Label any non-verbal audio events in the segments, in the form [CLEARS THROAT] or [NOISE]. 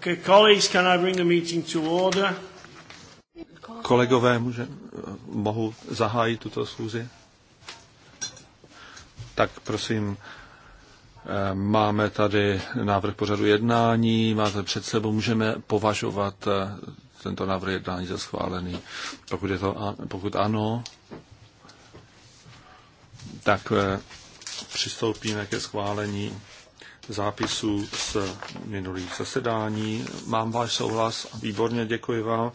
Okay, colleagues, can I bring the meeting to order? Kolegové, může, mohu zahájit tuto schůzi? Tak prosím, eh, máme tady návrh pořadu jednání, máte před sebou, můžeme považovat eh, tento návrh jednání za schválený. Pokud, je to, pokud ano, tak eh, přistoupíme ke schválení zápisů z minulých zasedání. Mám váš souhlas, výborně děkuji vám.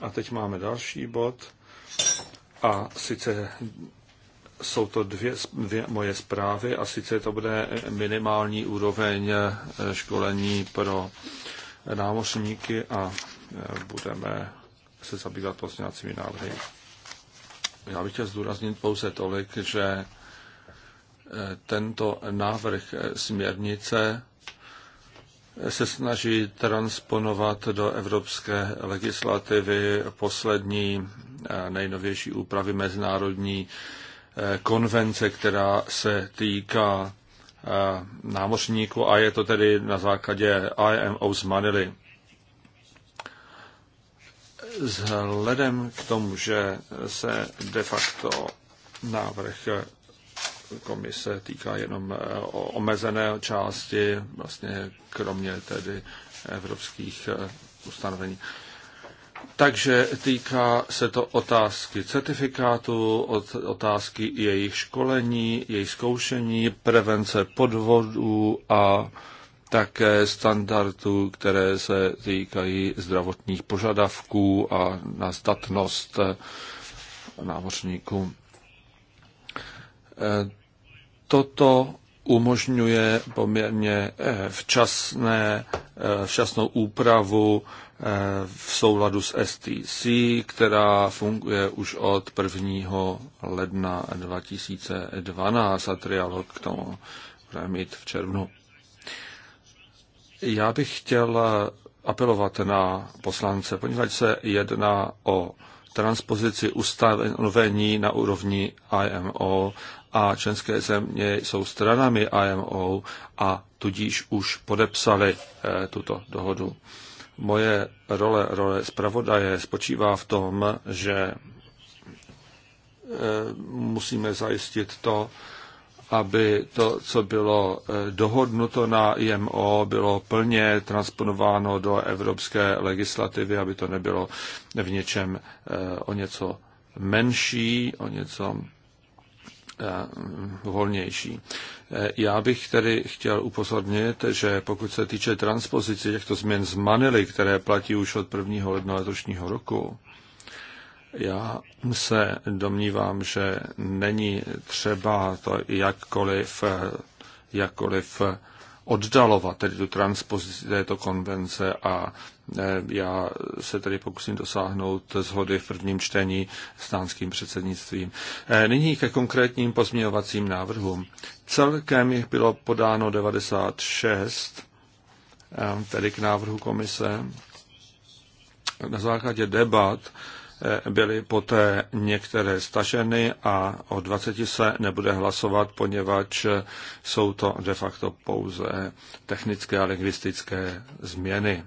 A teď máme další bod. A sice jsou to dvě, dvě moje zprávy a sice to bude minimální úroveň eh, školení pro námořníky a eh, budeme se zabývat pozněvacími návrhy. Já bych chtěl zdůraznit pouze tolik, že tento návrh směrnice se snaží transponovat do evropské legislativy poslední nejnovější úpravy mezinárodní eh, konvence, která se týká eh, námořníků a je to tedy na základě IMO z Manily. Vzhledem k tomu, že se de facto návrh komise týká jenom eh, omezené části, vlastně kromě tedy evropských eh, ustanovení. Takže týká se to otázky certifikátu, otázky jejich školení, jejich zkoušení, prevence podvodů a také standardů, které se týkají zdravotních požadavků a na statnost eh, námořníků. Eh, toto umožňuje poměrně eh, včasné, eh, včasnou úpravu v souladu s STC, která funguje už od 1. ledna 2012 a trialog k tomu budeme mít v červnu. Já bych chtěl apelovat na poslance, poněvadž se jedná o transpozici ustanovení na úrovni IMO a členské země jsou stranami IMO a tudíž už podepsali eh, tuto dohodu. Moje role, role zpravodaje spočívá v tom, že eh, musíme zajistit to, aby to, co bylo eh, dohodnuto na IMO, bylo plně transponováno do evropské legislativy, aby to nebylo v něčem o něco menší, o něco Mm, volnější. E, já bych tedy chtěl upozornit, že pokud se týče transpozice těchto změn z Manily, které platí už od 1. ledna letošního roku, já se domnívám, že není třeba to jakkoliv, e, jakkoliv e, oddalovat tedy tu transpozici této konvence a já se tedy pokusím dosáhnout zhody v prvním čtení s tánským předsednictvím. E, nyní ke konkrétním pozměňovacím návrhům. Celkem jich bylo podáno 96, e, tedy k návrhu komise. Na základě debat e, byly poté některé staženy a o 20 se nebude hlasovat, poněvadž jsou to de facto pouze technické a lingvistické změny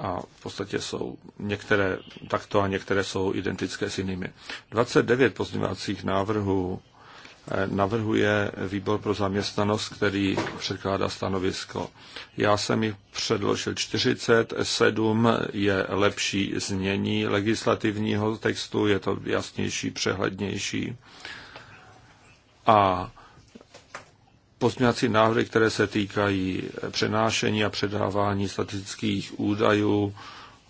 a v podstatě jsou některé takto a některé jsou identické s jinými. 29 pozměňovacích návrhů eh, navrhuje výbor pro zaměstnanost, který předkládá stanovisko. Já jsem jich předložil 47, je lepší znění legislativního textu, je to jasnější, přehlednější. A pozměňovací návrhy, které se týkají přenášení a předávání statistických údajů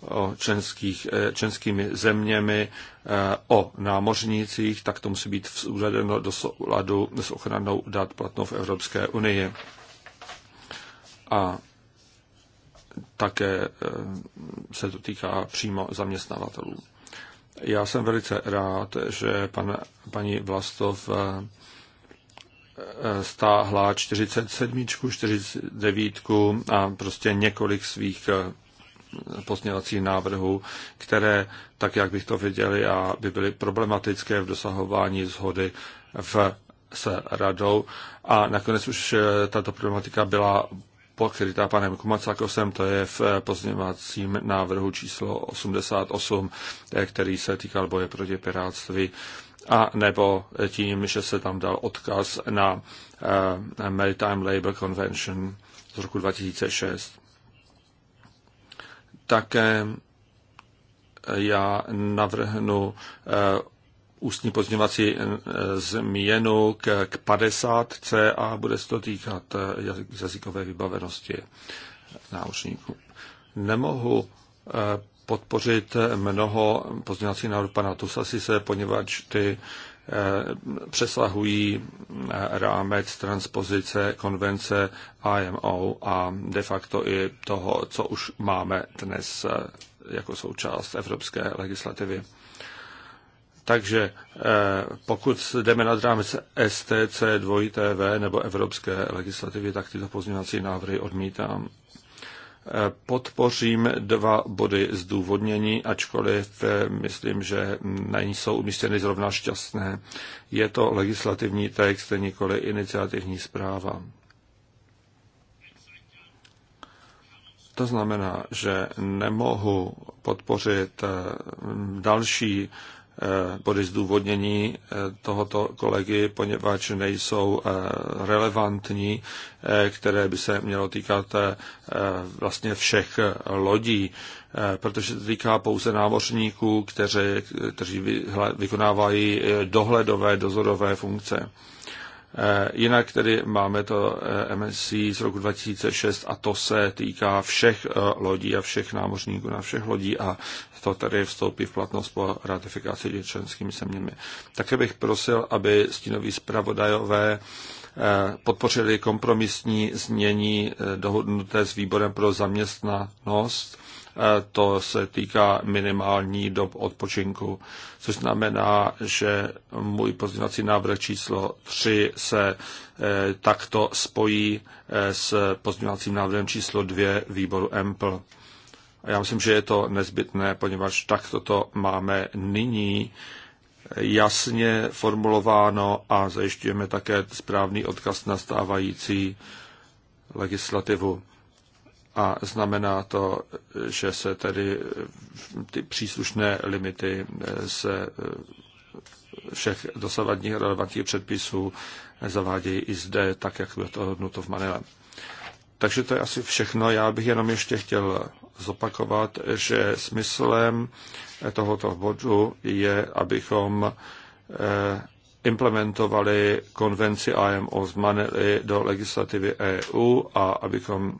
o členských, eh, členskými zeměmi eh, o námořnících, tak to musí být uvedeno do souladu s ochranou dat platnou v Evropské unii. A také eh, se to týká přímo zaměstnavatelů. Já jsem velice rád, že pan, paní Vlastov stáhla 47, 49 a prostě několik svých eh, pozměňovacích návrhů, které, tak jak bych to viděl, já, by byly problematické v dosahování zhody v, s radou. A nakonec už eh, tato problematika byla pokrytá panem Kumacakosem, to je v eh, pozměňovacím návrhu číslo 88, který se týkal boje proti pirátství a nebo tím, že se tam dal odkaz na eh, Maritime Labour Convention z roku 2006. Také já navrhnu eh, ústní uh, změnu k, k 50 a bude se to týkat jazykové vybavenosti náušníků. Nemohu podpořit mnoho pozměňovacích návrhů pana Tusasise, poněvadž ty eh, přesahují eh, rámec transpozice konvence IMO a de facto i toho, co už máme dnes eh, jako součást evropské legislativy. Takže pokud jdeme nad rámec STC 2TV nebo evropské legislativy, tak tyto pozměňovací návrhy odmítám podpořím dva body zdůvodnění, ačkoliv eh, myslím, že na ní jsou umístěny zrovna šťastné. Je to legislativní text, nikoli iniciativní zpráva. To znamená, že nemohu podpořit eh, další Eh, body zdůvodnění eh, tohoto kolegy, poněvadž nejsou eh, relevantní, které by se mělo týkat vlastně všech lodí, protože se týká pouze námořníků, kteří, kteří vykonávají dohledové, dozorové funkce. Eh, jinak tedy máme to eh, MSC z roku 2006 a to se týká všech eh, lodí a všech námořníků na všech lodí a to tedy vstoupí v platnost po ratifikaci členskými zeměmi. Také bych prosil, aby stínoví zpravodajové podpořili kompromisní změní dohodnuté s výborem pro zaměstnanost Eh, to se týká minimální dob odpočinku, což znamená, že můj pozměňovací návrh číslo 3 se eh, takto spojí eh, s pozměňovacím návrhem číslo 2 výboru EMPL. A já myslím, že je to nezbytné, poněvadž takto to máme nyní jasně formulováno a zajišťujeme také správný odkaz na stávající legislativu a znamená to, že se tedy ty příslušné limity eh, se eh, všech dosavadních relevantních předpisů zavádějí i zde, tak jak bylo to hodnuto v Manile. Takže to je asi všechno. Já bych jenom ještě chtěl zopakovat, že smyslem eh, tohoto bodu je, abychom implementovali konvenci IMO z Manely do legislativy EU a abychom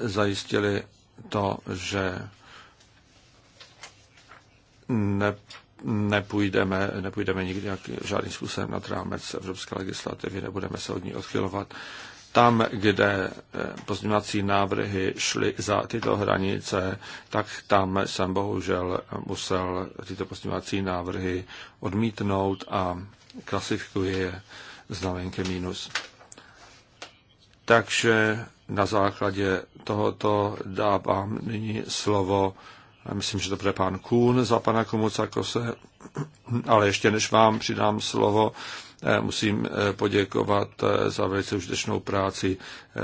zajistili to, že ne, nepůjdeme, nepůjdeme nikdy jak, žádným způsobem nad rámec evropské legislativy, nebudeme se od ní odchylovat. Tam, kde eh, pozměňovací návrhy šly za tyto hranice, tak tam jsem bohužel musel tyto pozměňovací návrhy odmítnout a klasifikuje je znamenkem minus. Takže na základě tohoto dávám nyní slovo, myslím, že to bude pán Kůn za pana Komucakose, [CLEARS THROAT] ale ještě než vám přidám slovo, eh, musím eh, poděkovat eh, za velice užitečnou práci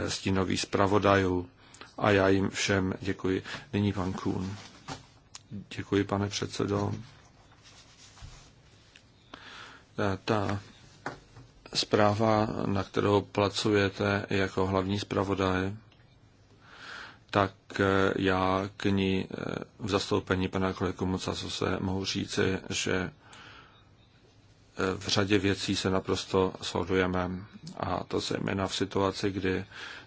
stínových zpravodajů a já jim všem děkuji. Nyní pan Kůn. Děkuji, pane předsedo. Ta Zpráva, na kterou pracujete jako hlavní zpravodaj, tak eh, já k ní eh, v zastoupení pana kolegu Mocasu se mohu říci, že eh, v řadě věcí se naprosto shodujeme. A to zejména v situaci, kdy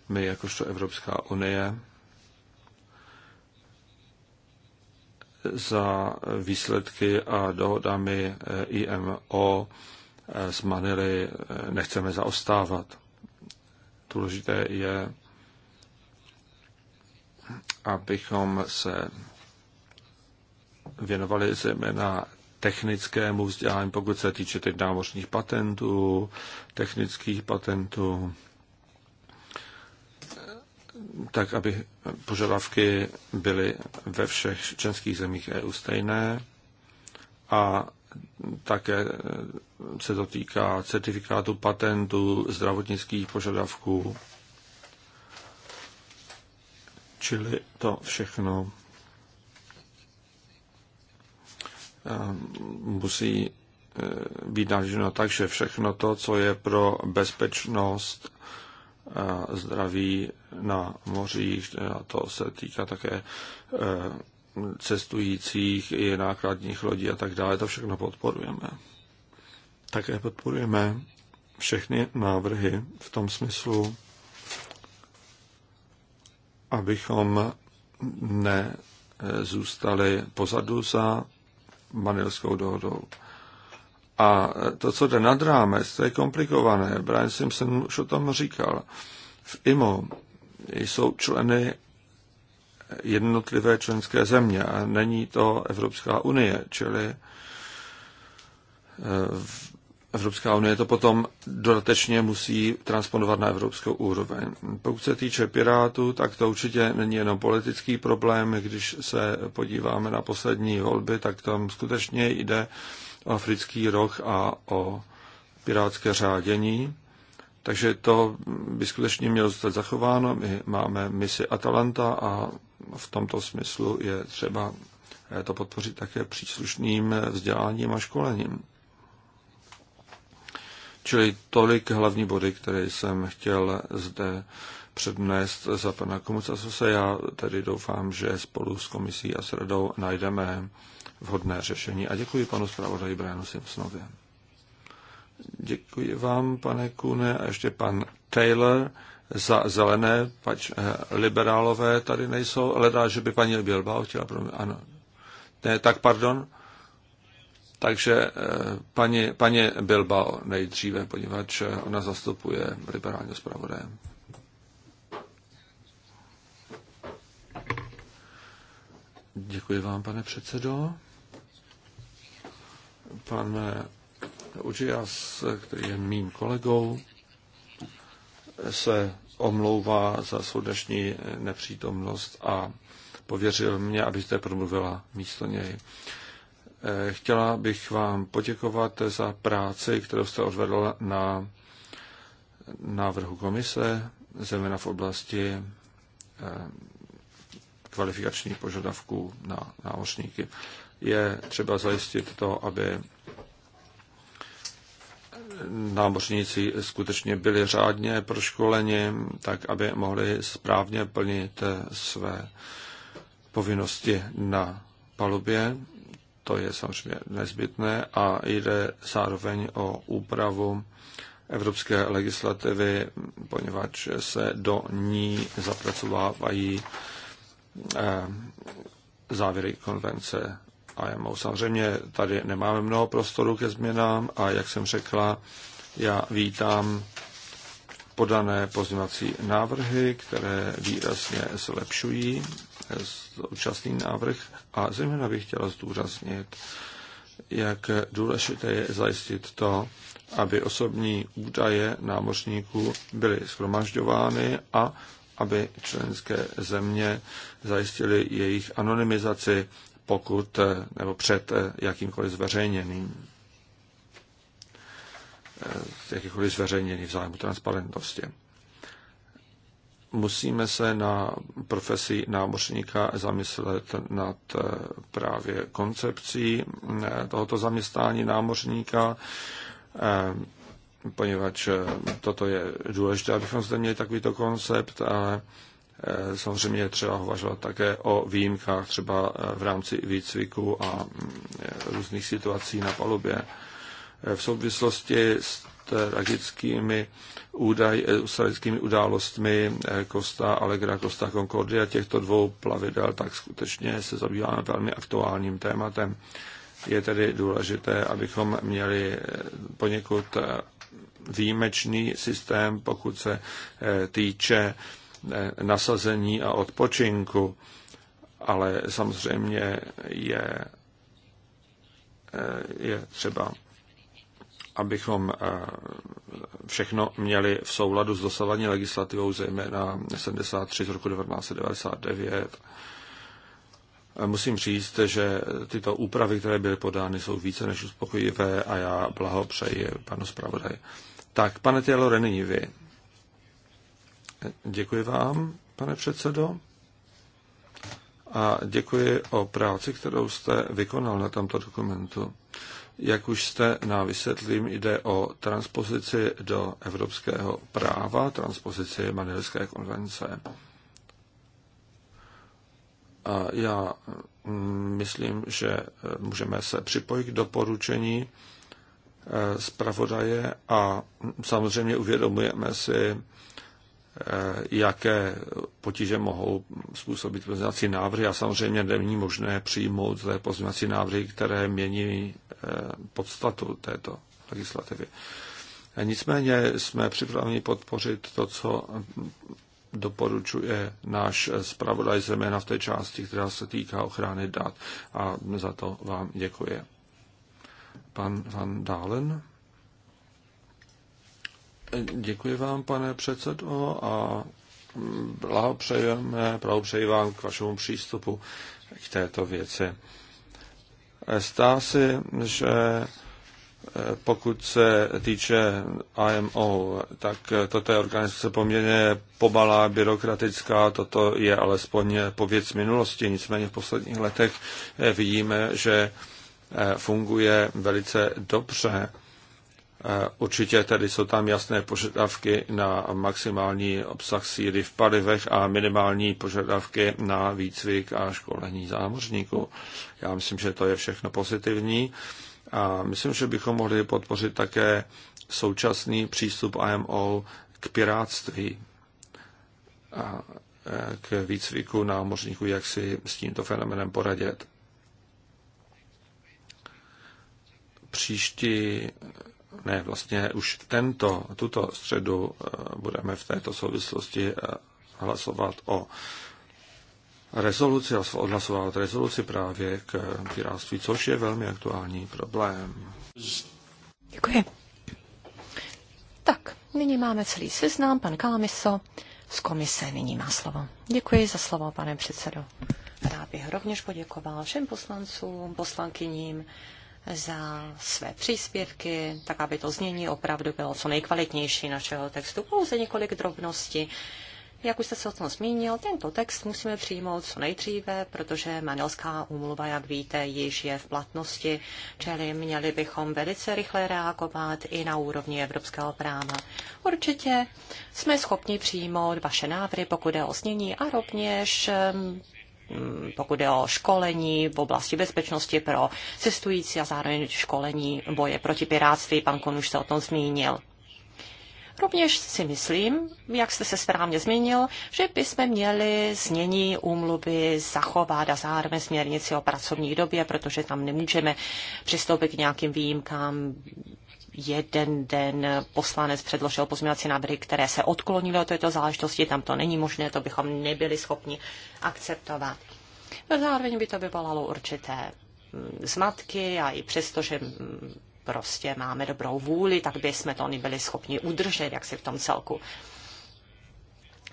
my jakožto Evropská unie za výsledky a dohodami IMO s eh, Manily eh, nechceme zaostávat. Důležité je, abychom se věnovali zejména technickému vzdělání, pokud se týče teď námořních patentů, technických patentů, tak, aby požadavky byly ve všech členských zemích EU stejné a také eh, se to týká certifikátu patentů, zdravotnických požadavků, čili to všechno eh, musí eh, být naženo tak, že všechno to, co je pro bezpečnost zdraví na mořích, a to se týká také cestujících i nákladních lodí a tak dále. To všechno podporujeme. Také podporujeme všechny návrhy v tom smyslu, abychom nezůstali pozadu za manilskou dohodou. A to, co jde nad rámec, to je komplikované. Brian Simpson už o tom říkal. V IMO jsou členy jednotlivé členské země a není to Evropská unie, čili eh, Evropská unie to potom dodatečně musí transponovat na evropskou úroveň. Pokud se týče Pirátů, tak to určitě není jenom politický problém. Když se podíváme na poslední volby, tak tam skutečně jde o africký roh a o pirátské řádění. Takže to by skutečně mělo zůstat zachováno. My máme misi Atalanta a v tomto smyslu je třeba eh, to podpořit také příslušným eh, vzděláním a školením. Čili tolik hlavní body, které jsem chtěl zde přednést za pana se Já tedy doufám, že spolu s komisí a s radou najdeme vhodné řešení. A děkuji panu zpravodaji Brianu Simpsonovi. Děkuji vám, pane Kune, a ještě pan Taylor za zelené, pač eh, liberálové tady nejsou, ale dá, že by paní Bilbao chtěla promluvit. Ano. Ne, tak pardon. Takže eh, paní, paní Bilbao nejdříve, poněvadž eh, ona zastupuje liberálního zpravodaje. Děkuji vám, pane předsedo. Pan Ujias, který je mým kolegou, se omlouvá za svou dnešní nepřítomnost a pověřil mě, abyste promluvila místo něj. Eh, chtěla bych vám poděkovat za práci, kterou jste odvedla na návrhu komise, zejména v oblasti eh, kvalifikačních požadavků na námořníky. Je třeba zajistit to, aby námořníci skutečně byli řádně proškoleni, tak aby mohli správně plnit své povinnosti na palubě. To je samozřejmě nezbytné a jde zároveň o úpravu evropské legislativy, poněvadž se do ní zapracovávají eh, závěry konvence a samozřejmě tady nemáme mnoho prostoru ke změnám a jak jsem řekla, já vítám podané pozměňovací návrhy, které výrazně zlepšují současný návrh a zejména bych chtěla zdůraznit, jak důležité je zajistit to, aby osobní údaje námořníků byly schromažďovány a aby členské země zajistily jejich anonymizaci pokud eh, nebo před eh, jakýmkoliv zveřejněným eh, jakýkoliv zveřejněný v zájmu transparentnosti. Musíme se na profesi námořníka zamyslet nad právě koncepcí tohoto zaměstnání námořníka, poněvadž toto je důležité, abychom zde měli takovýto koncept, ale Eh, samozřejmě je třeba uvažovat také o výjimkách třeba eh, v rámci výcviku a mm, eh, různých situací na palubě. V souvislosti s tragickými údaj, s tragickými událostmi Costa Allegra, Costa Concordia těchto dvou plavidel, tak skutečně se zabýváme velmi aktuálním tématem. Je tedy důležité, abychom měli poněkud výjimečný systém, pokud se týče nasazení a odpočinku, ale samozřejmě je, eh, je třeba, abychom eh, všechno měli v souladu s dosavadní legislativou, zejména 73 z roku 1999. Eh, musím říct, že tyto úpravy, které byly podány, jsou více než uspokojivé a já blahopřeji panu zpravodaji. Tak, pane Tělore, nyní vy. Děkuji vám, pane předsedo. A děkuji o práci, kterou jste vykonal na tomto dokumentu. Jak už jste na vysvětlím, jde o transpozici do evropského práva, transpozici Manilské konvence. A já mm, myslím, že e, můžeme se připojit k doporučení e, zpravodaje a samozřejmě uvědomujeme si Eh, jaké potíže mohou způsobit pozměňovací návrhy a samozřejmě není možné přijmout té pozměňovací návrhy, které mění eh, podstatu této legislativy. Eh, nicméně jsme připraveni podpořit to, co doporučuje náš zpravodaj, zejména v té části, která se týká ochrany dat. A za to vám děkuji. Pan Van Dalen. Děkuji vám, pane předsedo, a blahopřejeme, blahopřeji vám k vašemu přístupu k této věci. Stá si, že eh, pokud se týče IMO, tak toto je organizace poměrně pomalá, byrokratická, toto je alespoň pověc minulosti, nicméně v posledních letech eh, vidíme, že eh, funguje velice dobře Eh, určitě tedy jsou tam jasné požadavky na maximální obsah síry v palivech a minimální požadavky na výcvik a školení zámořníků. Já myslím, že to je všechno pozitivní a myslím, že bychom mohli podpořit také současný přístup IMO k piráctví a eh, k výcviku námořníků, jak si s tímto fenomenem poradit. Příští ne, vlastně už tento, tuto středu eh, budeme v této souvislosti eh, hlasovat o rezoluci, odhlasovat rezoluci právě k piráctví, což je velmi aktuální problém. Děkuji. Tak, nyní máme celý seznam, pan Kalamiso z komise nyní má slovo. Děkuji za slovo, pane předsedo. Rád bych rovněž poděkoval všem poslancům, poslankyním, za své příspěvky, tak aby to znění opravdu bylo co nejkvalitnější našeho textu. Pouze několik drobností. Jak už jste se o tom zmínil, tento text musíme přijmout co nejdříve, protože Manelská úmluva, jak víte, již je v platnosti, čili měli bychom velice rychle reagovat i na úrovni evropského práva. Určitě jsme schopni přijmout vaše návrhy, pokud je o snění a rovněž Mm, pokud je o školení v oblasti bezpečnosti pro cestující a zároveň školení boje proti piráctví. Pan Kon už se o tom zmínil. Rovněž si myslím, jak jste se správně zmínil, že bychom měli změní úmluvy zachovat a zároveň směrnici o pracovní době, protože tam nemůžeme přistoupit k nějakým výjimkám jeden den poslanec předložil pozměňovací návrhy, které se odklonily od této záležitosti, tam to není možné, to bychom nebyli schopni akceptovat. No, zároveň by to vyvolalo určité mm, zmatky a i přesto, že mm, prostě máme dobrou vůli, tak by jsme to nebyli schopni udržet, jak si v tom celku.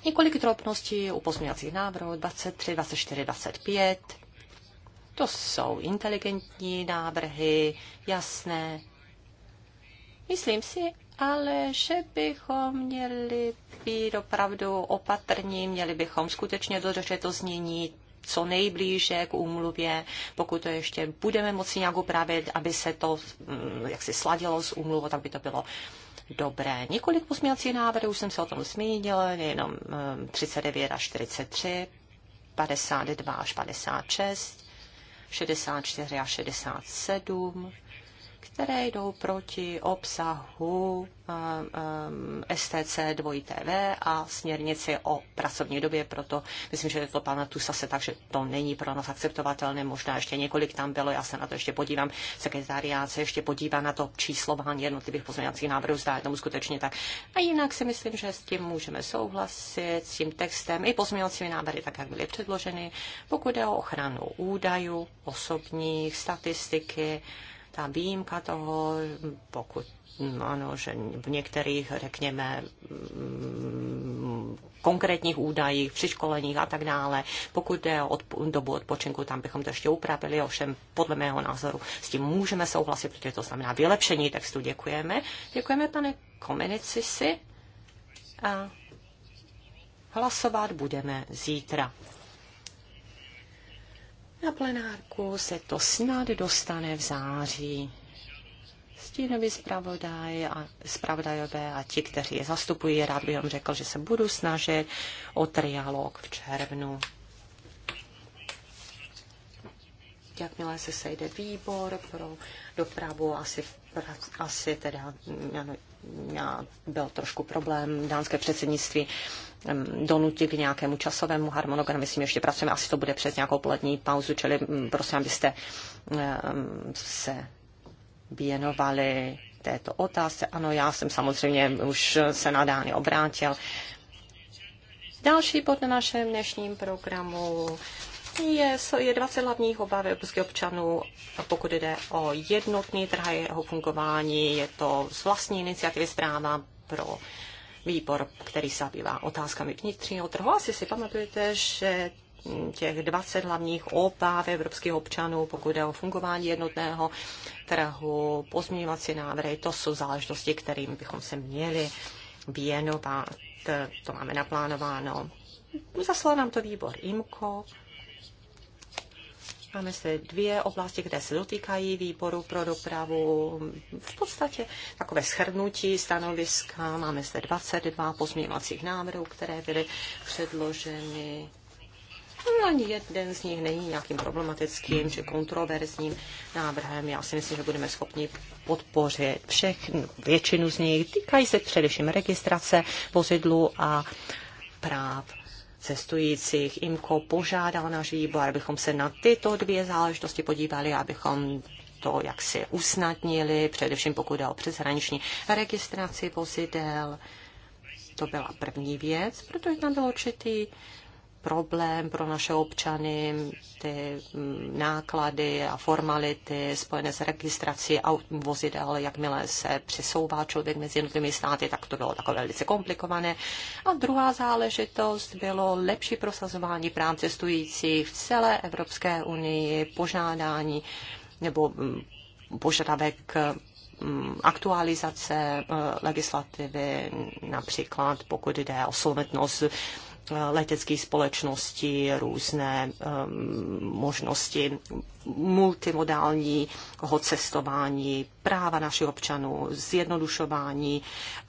Několik drobností u pozměňovacích návrhů 23, 24, 25. To jsou inteligentní návrhy, jasné, Myslím si, ale že bychom měli být opravdu opatrní, měli bychom skutečně dodržet to znění co nejblíže k úmluvě, pokud to ještě budeme moci nějak upravit, aby se to mm, jak si sladilo s úmluvou, tak by to bylo dobré. Několik pozměňovacích návrhů, už jsem se o tom zmínil, jenom 39 mm, až 43, 52 až 56, 64 až 67, které jdou proti obsahu um, STC 2TV a směrnici o pracovní době, proto myslím, že to pana Tusa se takže to není pro nás akceptovatelné, možná ještě několik tam bylo, já se na to ještě podívám, sekretariát se ještě podívá na to číslování jednotlivých pozměňovacích návrhů, zdá je tomu skutečně tak. A jinak si myslím, že s tím můžeme souhlasit, s tím textem i pozměňovacími návrhy, tak jak byly předloženy, pokud je o ochranu údajů, osobních, statistiky, nějaká výjimka toho, pokud no, ano, že v některých, řekněme, mm, konkrétních údajích, přiškoleních a tak dále. Pokud jde o odpo- dobu odpočinku, tam bychom to ještě upravili, ovšem podle mého názoru s tím můžeme souhlasit, protože to znamená vylepšení textu. Děkujeme. Děkujeme, pane si. A hlasovat budeme zítra. Na plenárku se to snad dostane v září. Stínovi zpravodaj a zpravodajové a ti, kteří je zastupují, rád bych vám řekl, že se budu snažit o trialog v červnu. Jakmile se sejde výbor pro dopravu, asi, asi teda mm, já, já byl trošku problém dánské předsednictví donutit k nějakému časovému harmonogramu. Myslím, že ještě pracujeme, asi to bude přes nějakou polední pauzu, čili mm, prosím, abyste se věnovali této otázce. Ano, já jsem samozřejmě už se na Dány obrátil. Další bod na našem dnešním programu je, je 20 hlavních obav evropských občanů, pokud jde o jednotný trh a jeho fungování. Je to z vlastní iniciativy zpráva pro výbor, který se zabývá otázkami vnitřního trhu. Asi si pamatujete, že těch 20 hlavních obáv evropských občanů, pokud jde o fungování jednotného trhu, pozměňovací návrhy, to jsou záležitosti, kterým bychom se měli věnovat. To máme naplánováno. Zaslal nám to výbor IMCO Máme se dvě oblasti, kde se dotýkají výboru pro dopravu. V podstatě takové schrnutí stanoviska. Máme se 22 pozměňovacích návrhů, které byly předloženy. No, ani jeden z nich není nějakým problematickým či kontroverzním návrhem. Já si myslím, že budeme schopni podpořit všech, většinu z nich. Týkají se především registrace vozidlu a práv cestujících. IMCO požádal náš výbor, abychom se na tyto dvě záležitosti podívali, abychom to, jak si usnadnili, především pokud jde o přeshraniční registraci vozidel. To byla první věc, protože tam byl určitý problém pro naše občany, ty mm, náklady a formality spojené s registrací aut, vozidel, jakmile se přesouvá člověk mezi jednotlivými státy, tak to bylo takové velice komplikované. A druhá záležitost bylo lepší prosazování práv cestujících v celé Evropské unii, požádání nebo mm, požadavek mm, aktualizace eh, legislativy, například pokud jde o solventnost letecké společnosti různé um, možnosti multimodálního cestování, práva našich občanů, zjednodušování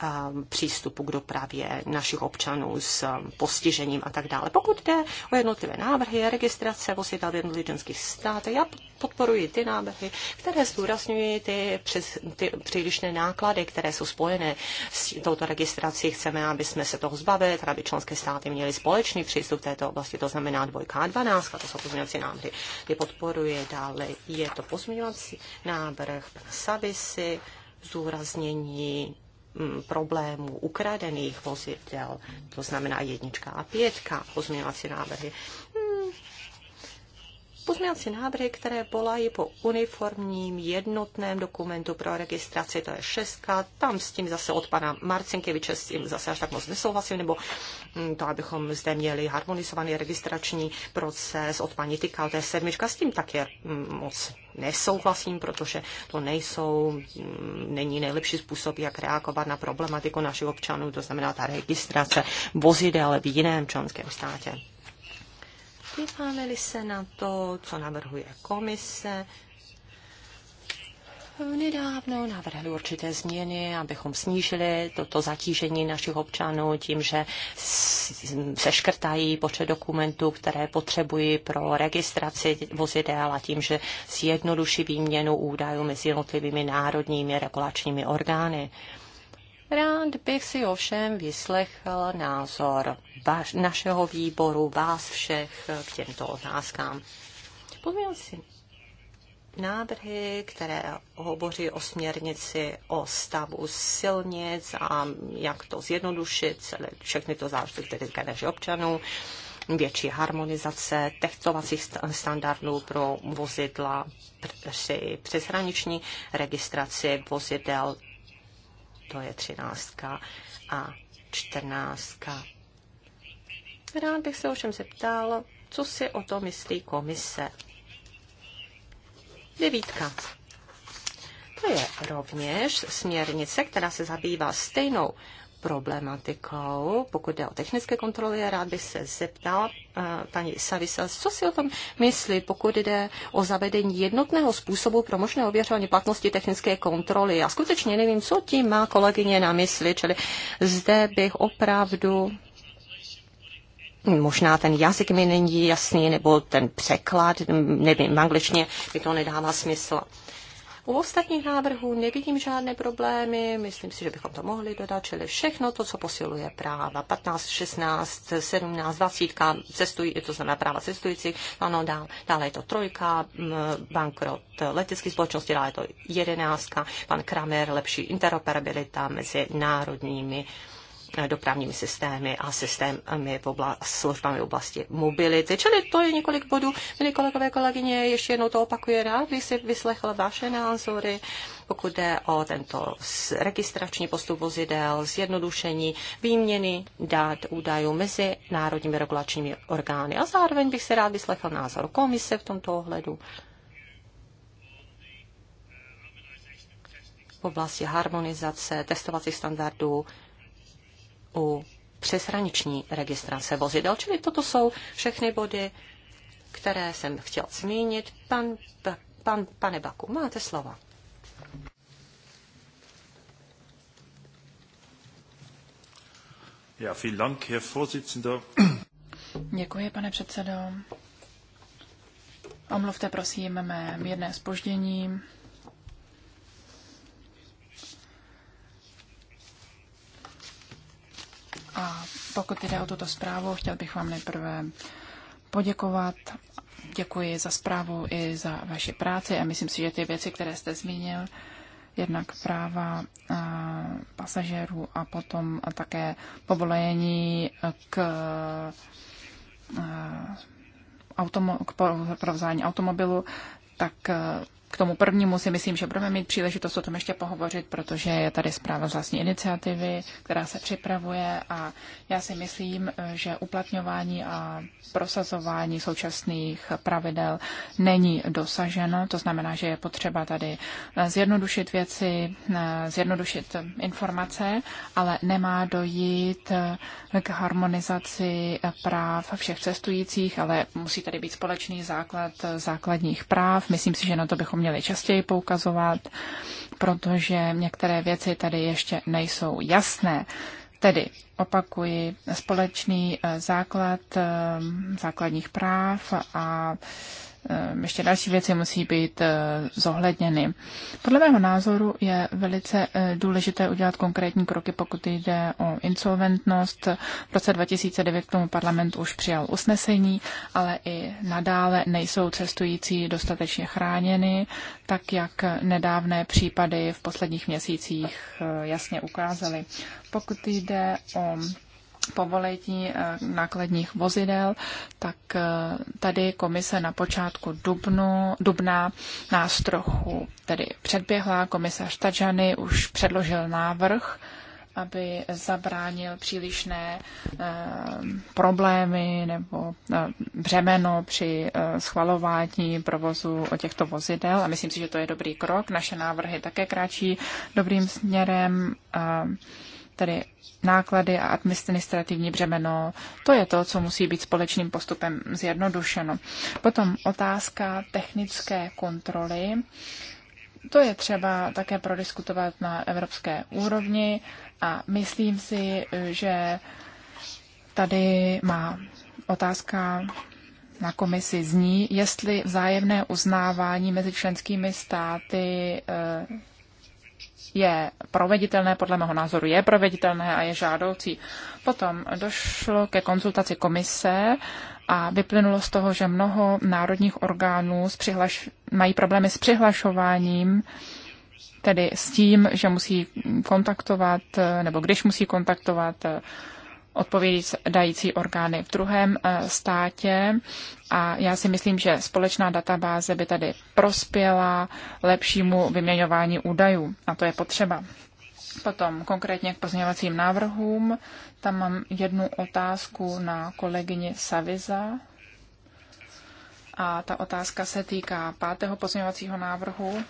eh, přístupu k dopravě našich občanů s postižením a tak dále. Pokud jde o jednotlivé návrhy, registrace vozidel v jednotlivých členských státech, já podporuji ty návrhy, které zdůrazňují ty, přes, ty přílišné náklady, které jsou spojené s touto registrací. Chceme, aby jsme se toho zbavili, aby členské státy měly společný přístup v této oblasti, to znamená dvojka a dvanáctka, to jsou pozměňovací návrhy, ty podporuji Dále je to pozměňovací návrh pana Savisy, zúraznění mm, problémů ukradených vozidel, to znamená jednička a pětka pozměňovací návrhy. Pozměňovací návrhy, které volají po uniformním jednotném dokumentu pro registraci, to je šestka, tam s tím zase od pana Marcinkeviče s tím zase až tak moc nesouhlasím, nebo mm, to, abychom zde měli harmonizovaný registrační proces od paní Tykal, to je sedmička, s tím také mm, moc nesouhlasím, protože to nejsou, mm, není nejlepší způsob, jak reagovat na problematiku našich občanů, to znamená ta registrace vozidel v jiném členském státě. Podíváme-li se na to, co navrhuje komise, nedávno navrhli určité změny, abychom snížili toto zatížení našich občanů tím, že seškrtají počet dokumentů, které potřebují pro registraci vozidel a tím, že zjednoduší výměnu údajů mezi jednotlivými národními regulačními orgány. Rád bych si ovšem vyslechl názor vaš, našeho výboru, vás všech k těmto otázkám. si návrhy, které hovoří o směrnici o stavu silnic a jak to zjednodušit, celé, všechny to záležitosti, které týkají naši občanů, větší harmonizace testovacích standardů pro vozidla při přeshraniční registraci vozidel to je třináctka a čtrnáctka. Rád bych se ovšem zeptal, co si o to myslí komise. Devítka. To je rovněž směrnice, která se zabývá stejnou problematikou. Pokud jde o technické kontroly, rád bych se zeptal eh, paní Savisel, co si o tom myslí, pokud jde o zavedení jednotného způsobu pro možné ověřování platnosti technické kontroly. Já skutečně nevím, co tím má kolegyně na mysli, čili zde bych opravdu možná ten jazyk mi není jasný, nebo ten překlad, nevím, v angličtině mi to nedává smysl. U ostatních návrhů nevidím žádné problémy, myslím si, že bychom to mohli dodat, čili všechno to, co posiluje práva 15, 16, 17, 20, cestují, to znamená práva cestujících, ano, dál, dále je to trojka, bankrot letecké společnosti, dále je to jedenáctka, pan Kramer, lepší interoperabilita mezi národními Eh, dopravními systémy a systémy v obla- službami v oblasti mobility. Čili to je několik bodů. Milí kolegové, kolegyně, ještě jednou to opakuje rád, bych si vyslechl vaše názory pokud jde o tento registrační postup vozidel, zjednodušení výměny dát údajů mezi národními regulačními orgány. A zároveň bych se rád vyslechl názor komise v tomto ohledu. V oblasti harmonizace testovacích standardů u přeshraniční registrace vozidel. Čili toto jsou všechny body, které jsem chtěl zmínit. Pan, pan, pane Baku, máte slovo. Ja, vielen Dank, Herr Vorsitzender. Děkuji, pane předsedo. Omluvte prosím mé mírné spoždění. A pokud jde o tuto zprávu, chtěl bych vám nejprve poděkovat. Děkuji za zprávu i za vaši práci a myslím si, že ty věci, které jste zmínil, jednak práva pasažérů a potom také povolení k automo- k provozání automobilu, tak k tomu prvnímu si myslím, že budeme mít příležitost o tom ještě pohovořit, protože je tady zpráva z vlastní iniciativy, která se připravuje a já si myslím, že uplatňování a prosazování současných pravidel není dosaženo. To znamená, že je potřeba tady zjednodušit věci, zjednodušit informace, ale nemá dojít k harmonizaci práv všech cestujících, ale musí tady být společný základ základních práv. Myslím si, že na to bychom měli častěji poukazovat, protože některé věci tady ještě nejsou jasné. Tedy opakuji, společný eh, základ eh, základních práv a Ehm, ještě další věci musí být eh, zohledněny. Podle mého názoru je velice eh, důležité udělat konkrétní kroky, pokud jde o insolventnost. V roce 2009 k tomu parlament už přijal usnesení, ale i nadále nejsou cestující dostatečně chráněny, tak jak nedávné případy v posledních měsících eh, jasně ukázaly. Pokud jde o povolení eh, nákladních vozidel, tak eh, tady komise na počátku dubnu, dubna nás trochu tedy předběhla. Komisař Tajany už předložil návrh, aby zabránil přílišné eh, problémy nebo břemeno při schvalování provozu těchto vozidel. A myslím si, že to je dobrý krok. Naše návrhy také kráčí dobrým směrem tedy náklady a administrativní břemeno, to je to, co musí být společným postupem zjednodušeno. Potom otázka technické kontroly. To je třeba také prodiskutovat na evropské úrovni a myslím si, že tady má otázka na komisi zní, jestli vzájemné uznávání mezi členskými státy eh, je proveditelné, podle mého názoru je proveditelné a je žádoucí. Potom došlo ke konzultaci komise a vyplynulo z toho, že mnoho národních orgánů s přihlaš- mají problémy s přihlašováním, tedy s tím, že musí kontaktovat, nebo když musí kontaktovat odpovídající orgány v druhém eh, státě. A já si myslím, že společná databáze by tady prospěla lepšímu vyměňování údajů. A to je potřeba. Potom konkrétně k pozměňovacím návrhům. Tam mám jednu otázku na kolegyni Saviza. A ta otázka se týká pátého pozměňovacího návrhu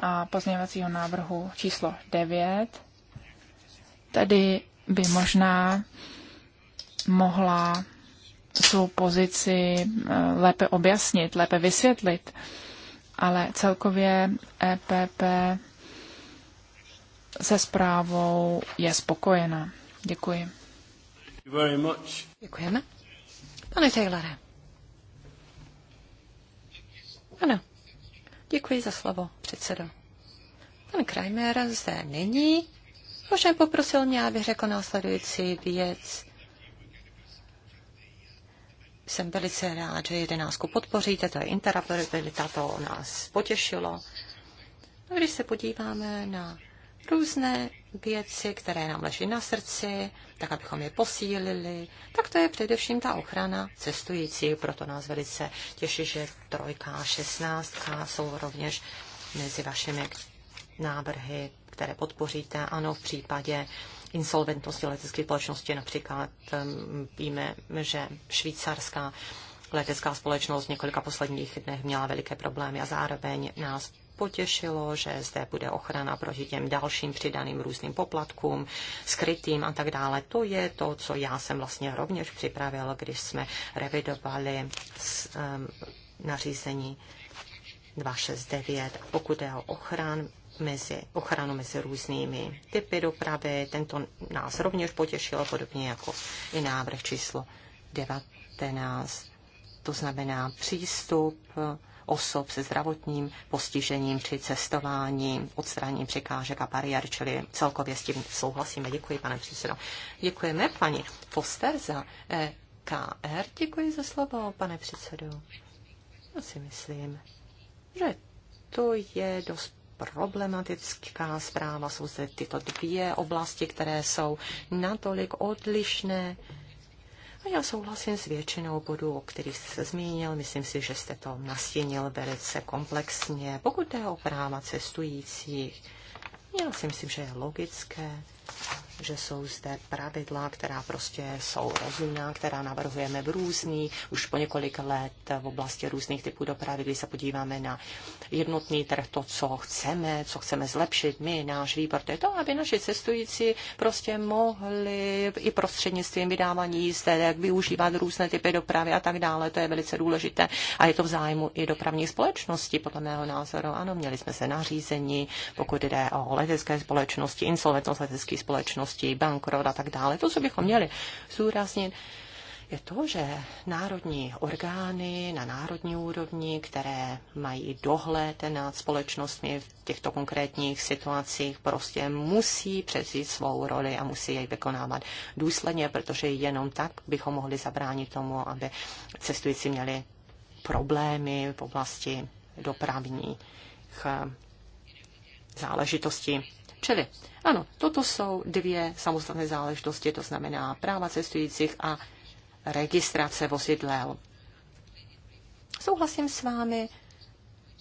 a pozměňovacího návrhu číslo 9. Tady by možná mohla svou pozici eh, lépe objasnit, lépe vysvětlit, ale celkově EPP se zprávou je spokojena. Děkuji. Děkujeme. Pane Taylore. Ano. Děkuji za slovo, předsedo. Pan Kramer zde není, Ovšem poprosil mě, abych řekl následující věc. Jsem velice rád, že jedenáctku podpoříte, to je interoperabilita, to nás potěšilo. A když se podíváme na různé věci, které nám leží na srdci, tak abychom je posílili, tak to je především ta ochrana cestujících. Proto nás velice těší, že trojka a šestnáctka jsou rovněž mezi vašimi návrhy které podpoříte. Ano, v případě insolventnosti letecké společnosti například víme, že švýcarská letecká společnost v několika posledních dnech měla veliké problémy a zároveň nás potěšilo, že zde bude ochrana proti těm dalším přidaným různým poplatkům, skrytým a tak dále. To je to, co já jsem vlastně rovněž připravil, když jsme revidovali s, um, nařízení 269. Pokud je o ochran, mezi ochranou mezi různými typy dopravy. Tento nás rovněž potěšil, podobně jako i návrh číslo 19. To znamená přístup osob se zdravotním postižením při cestování, odstranění překážek a bariér, čili celkově s tím souhlasíme. Děkuji, pane předsedo. Děkujeme paní Foster za e KR. Děkuji za slovo, pane předsedo. Já si myslím, že to je dost problematická zpráva. Jsou zde tyto dvě oblasti, které jsou natolik odlišné. A já souhlasím s většinou bodů, o kterých jste se zmínil. Myslím si, že jste to nastínil velice komplexně. Pokud jde o práva cestujících, já si myslím, že je logické, že jsou zde pravidla, která prostě jsou rozumná, která navrhujeme v různý, už po několik let v oblasti různých typů dopravy, když se podíváme na jednotný trh, to, co chceme, co chceme zlepšit my, náš výbor, to je to, aby naši cestující prostě mohli i prostřednictvím vydávání jak využívat různé typy dopravy a tak dále. To je velice důležité a je to v zájmu i dopravní společnosti podle mého názoru. Ano, měli jsme se nařízení, pokud jde o letecké společnosti, insolventnost leteckých společností společností, bankrot a tak dále. To, co bychom měli zúraznit, je to, že národní orgány na národní úrovni, které mají dohled nad společnostmi v těchto konkrétních situacích, prostě musí přezít svou roli a musí jej vykonávat důsledně, protože jenom tak bychom mohli zabránit tomu, aby cestující měli problémy v oblasti dopravních eh, záležitostí. Čili ano, toto jsou dvě samostatné záležitosti, to znamená práva cestujících a registrace vozidel. Souhlasím s vámi,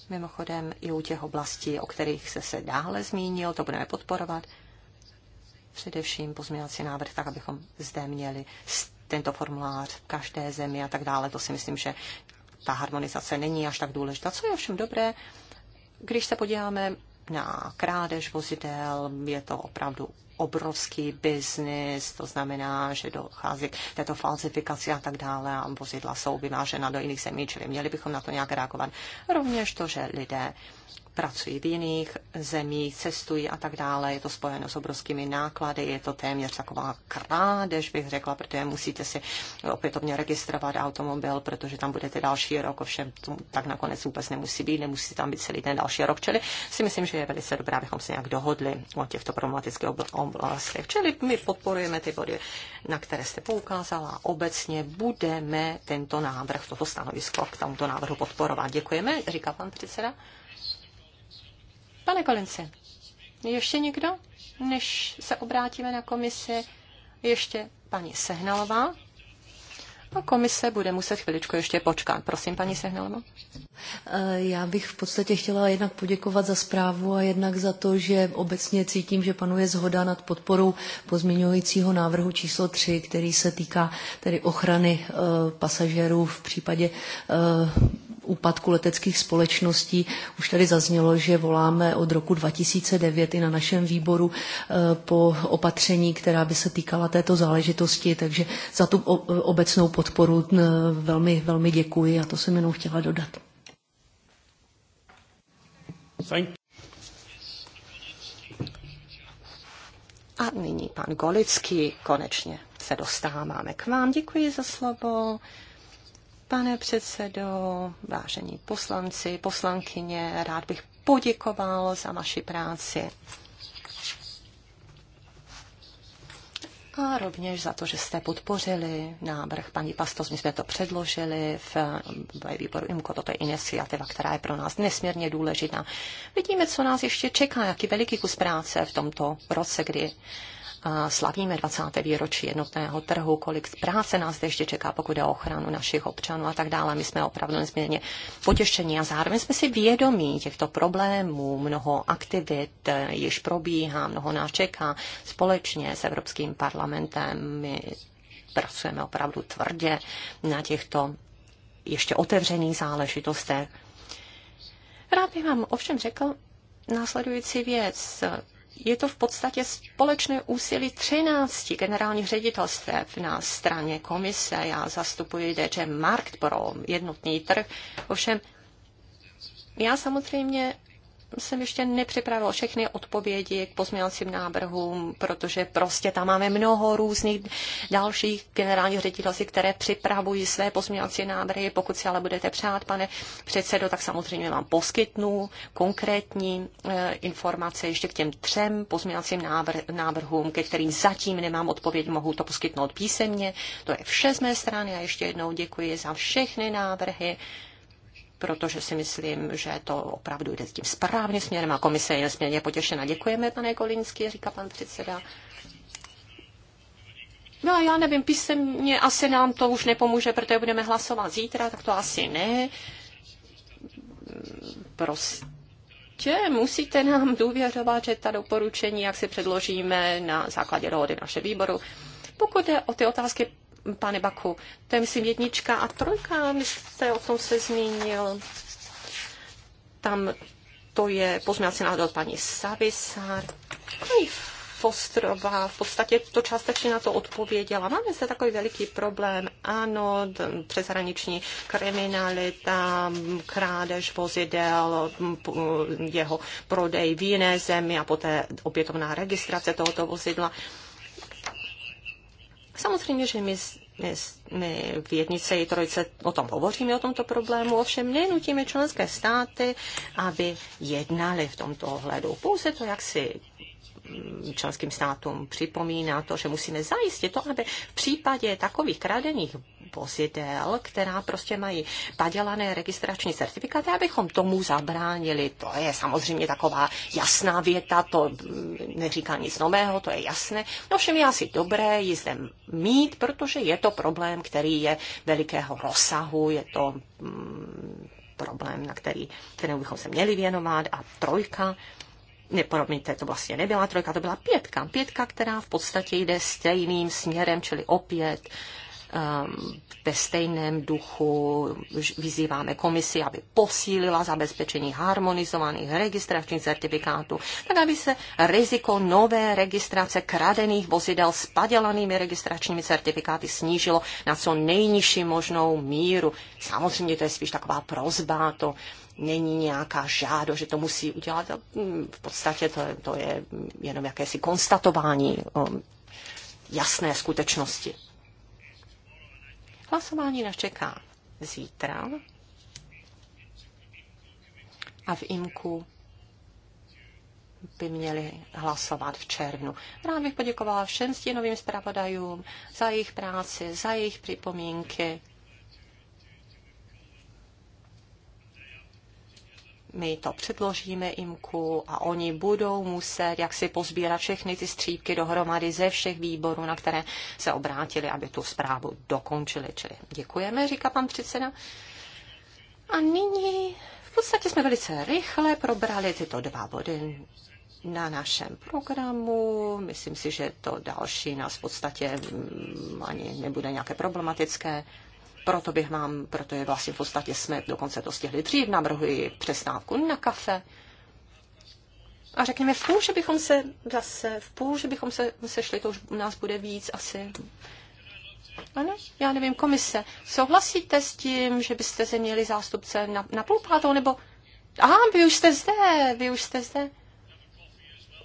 mimochodem i u těch oblastí, o kterých se se dále zmínil, to budeme podporovat. Především pozměňovací návrh, tak abychom zde měli tento formulář v každé zemi a tak dále. To si myslím, že ta harmonizace není až tak důležitá. Co je ovšem dobré, když se podíváme na krádež vozidel, je to opravdu obrovský biznis, to znamená, že dochází k této falsifikaci a tak dále a vozidla jsou vyvážena do jiných zemí, čili měli bychom na to nějak reagovat. Rovněž to, že lidé pracují v jiných zemích, cestují a tak dále. Je to spojeno s obrovskými náklady, je to téměř taková krádež, bych řekla, protože musíte si opětovně registrovat automobil, protože tam budete další rok, ovšem to tak nakonec vůbec nemusí být, nemusí tam být celý ten další rok. Čili si myslím, že je velice dobré, abychom se nějak dohodli o těchto problematických oblastech. Čili my podporujeme ty body, na které jste poukázala. Obecně budeme tento návrh, toto stanovisko k tomuto návrhu podporovat. Děkujeme, říká pan předseda. Pane Kolinci, ještě někdo, než se obrátíme na komisi? Ještě paní Sehnalová. A komise bude muset chviličku ještě počkat. Prosím, paní Sehnalová. Eh, já bych v podstatě chtěla jednak poděkovat za zprávu a jednak za to, že obecně cítím, že panuje zhoda nad podporou pozměňujícího návrhu číslo 3, který se týká tedy ochrany eh, pasažérů v případě eh, úpadku leteckých společností. Už tady zaznělo, že voláme od roku 2009 i na našem výboru eh, po opatření, která by se týkala této záležitosti, takže za tu obecnou podporu eh, velmi, velmi děkuji a to jsem jenom chtěla dodat. A nyní pan Golický, konečně se dostáváme k vám. Děkuji za slovo. Pane předsedo, vážení poslanci, poslankyně, rád bych poděkoval za vaši práci. A rovněž za to, že jste podpořili návrh paní Pastos. My jsme to předložili v, v výboru IMCO. Toto je iniciativa, která je pro nás nesmírně důležitá. Vidíme, co nás ještě čeká, jaký veliký kus práce v tomto roce, kdy slavíme 20. výročí jednotného trhu, kolik práce nás zde ještě čeká, pokud je o ochranu našich občanů a tak dále. My jsme opravdu nesmírně potěšení a zároveň jsme si vědomí těchto problémů. Mnoho aktivit eh, již probíhá, mnoho nás čeká společně s Evropským parlamentem. My pracujeme opravdu tvrdě na těchto ještě otevřených záležitostech. Rád bych vám ovšem řekl následující věc je to v podstatě společné úsilí 13 generálních ředitelstv na straně komise. Já zastupuji DG Markt pro jednotný trh. Ovšem, já samozřejmě jsem ještě nepřipravil všechny odpovědi k pozměňovacím návrhům, protože prostě tam máme mnoho různých dalších generálních ředitelství, které připravují své pozměňovací návrhy. Pokud si ale budete přát, pane předsedo, tak samozřejmě vám poskytnu konkrétní e, informace ještě k těm třem pozměňovacím návrhům, ke kterým zatím nemám odpověď, mohu to poskytnout písemně. To je vše z mé strany a ještě jednou děkuji za všechny návrhy protože si myslím, že to opravdu jde tím správným směrem a komise je nesmírně potěšena. Děkujeme, pane Kolinsky, říká pan předseda. No a já nevím, písemně asi nám to už nepomůže, protože budeme hlasovat zítra, tak to asi ne. Prostě musíte nám důvěřovat, že ta doporučení, jak si předložíme na základě dohody naše výboru. Pokud je o ty otázky pane Baku. To je, myslím, jednička a trojka, vy jste o tom se zmínil. Tam to je pozměňovací návrh od paní Savisar. Paní Fostrova v podstatě to částečně na to odpověděla. Máme zde takový veliký problém, ano, přeshraniční kriminalita, krádež vozidel, jeho prodej v jiné zemi a poté opětovná registrace tohoto vozidla. Samozřejmě, že my, my, my v jednice i trojce o tom hovoříme, o tomto problému, ovšem nenutíme členské státy, aby jednali v tomto ohledu. Pouze to, jak si mm, členským státům připomíná to, že musíme zajistit to, aby v případě takových kradených vozidel, která prostě mají padělané registrační certifikáty, abychom tomu zabránili. To je samozřejmě taková jasná věta, to neříká nic nového, to je jasné. No všem je asi dobré ji zde mít, protože je to problém, který je velikého rozsahu, je to mm, problém, na který, kterému bychom se měli věnovat a trojka, ne, promiňte, to vlastně nebyla trojka, to byla pětka. Pětka, která v podstatě jde stejným směrem, čili opět Ehm, ve stejném duchu vyzýváme komisi, aby posílila zabezpečení harmonizovaných registračních certifikátů, tak aby se riziko nové registrace kradených vozidel s padělanými registračními certifikáty snížilo na co nejnižší možnou míru. Samozřejmě to je spíš taková prozba, to není nějaká žádo, že to musí udělat. V podstatě to, to je jenom jakési konstatování ehm, jasné skutečnosti. Hlasování nás čeká zítra a v IMKU by měli hlasovat v červnu. Rád bych poděkovala všem stínovým zpravodajům za jejich práci, za jejich připomínky. my to předložíme IMKU a oni budou muset jaksi pozbírat všechny ty střípky dohromady ze všech výborů, na které se obrátili, aby tu zprávu dokončili. Čili děkujeme, říká pan předseda. A nyní v podstatě jsme velice rychle probrali tyto dva body na našem programu. Myslím si, že to další nás v podstatě mm, ani nebude nějaké problematické proto bych vám, proto je vlastně v podstatě jsme dokonce to stihli dřív, navrhuji přestávku na kafe. A řekněme v půl, že bychom se zase, v půl, že bychom se sešli, to už u nás bude víc asi. Ano, já nevím, komise, souhlasíte s tím, že byste se měli zástupce na, na půl pátou, nebo... Aha, vy už jste zde, vy už jste zde.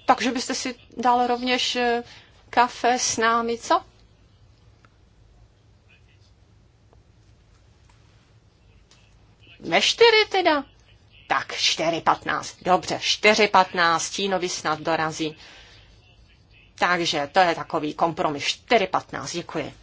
Takže byste si dal rovněž eh, kafe s námi, co? Ve čtyři teda? Tak patnáct. Dobře, patnáct, Stínovi snad dorazí. Takže to je takový kompromis. 4.15, děkuji.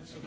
Hansson,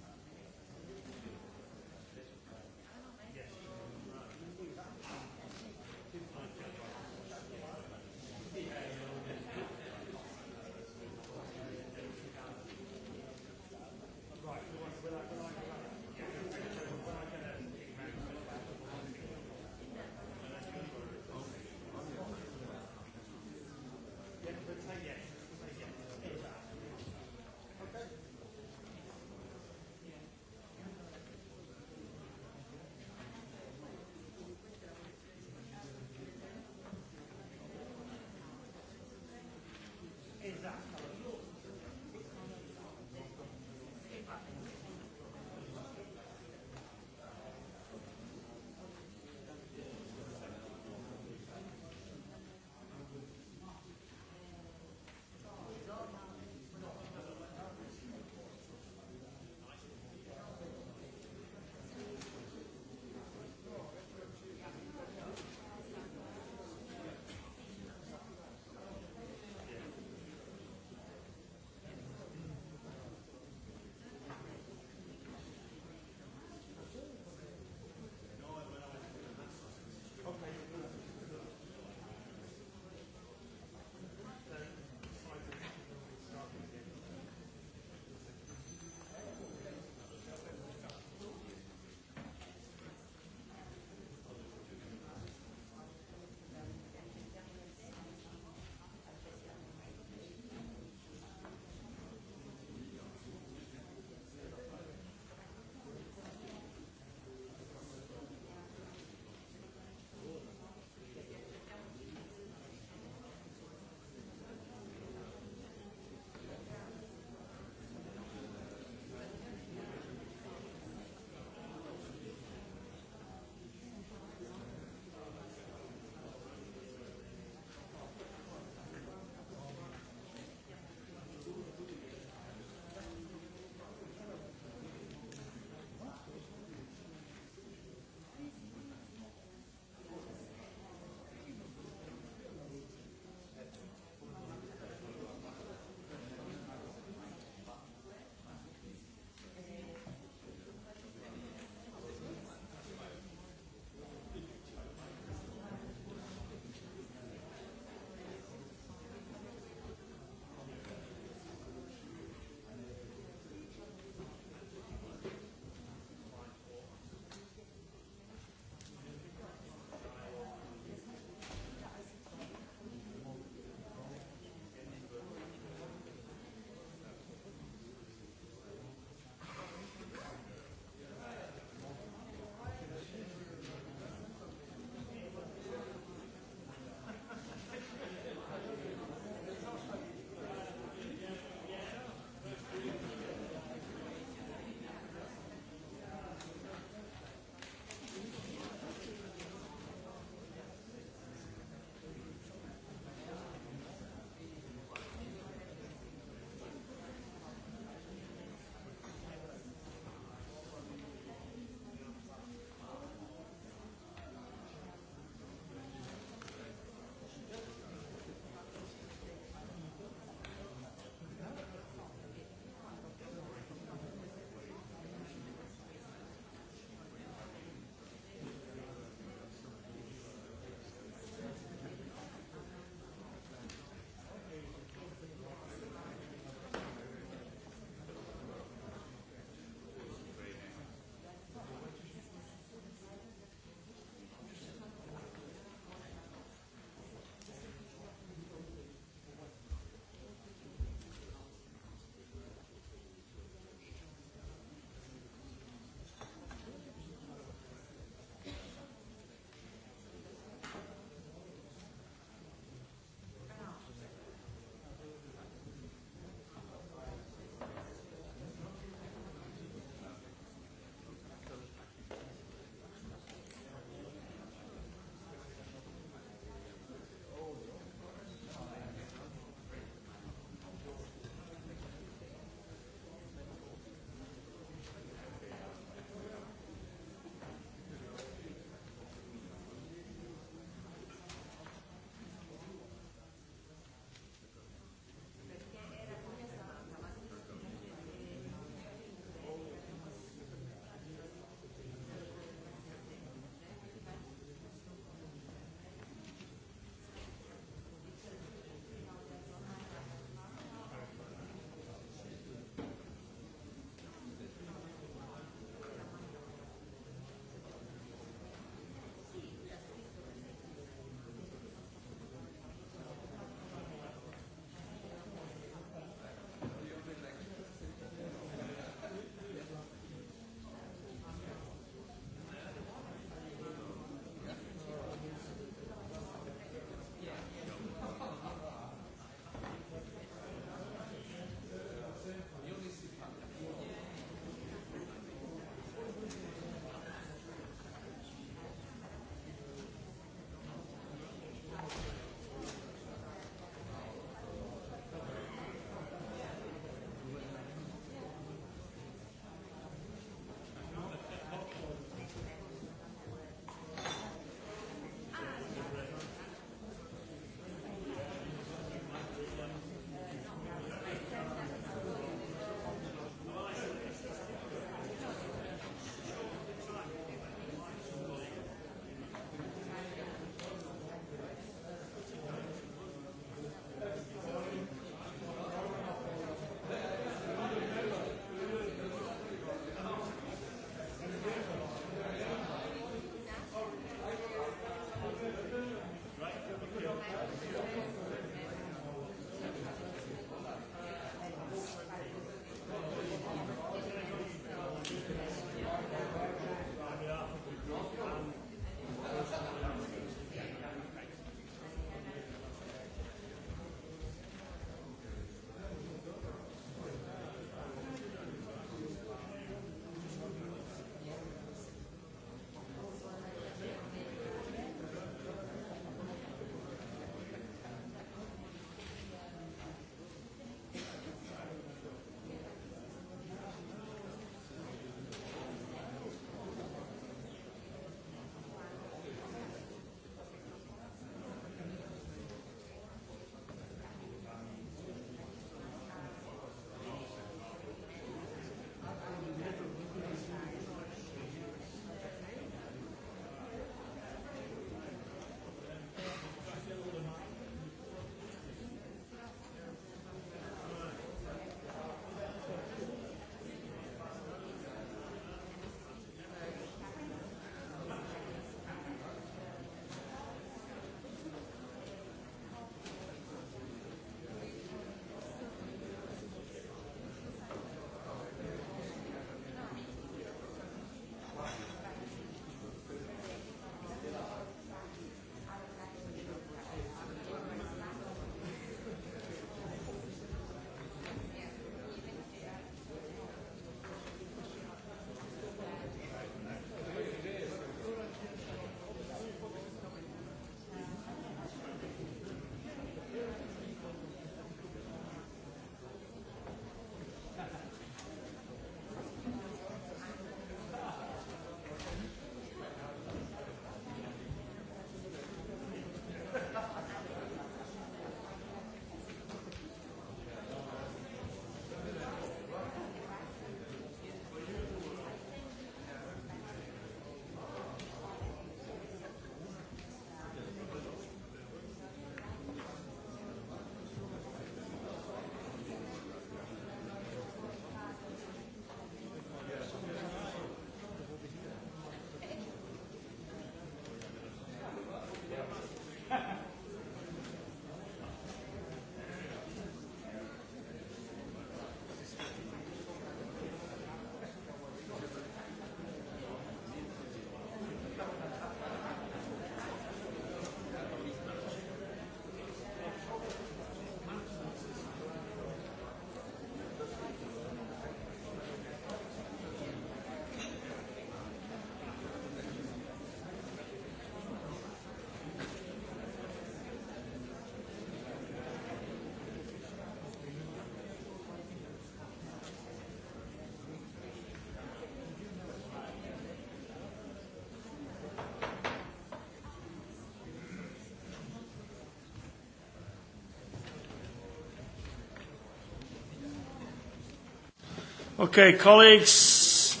Okay, colleagues,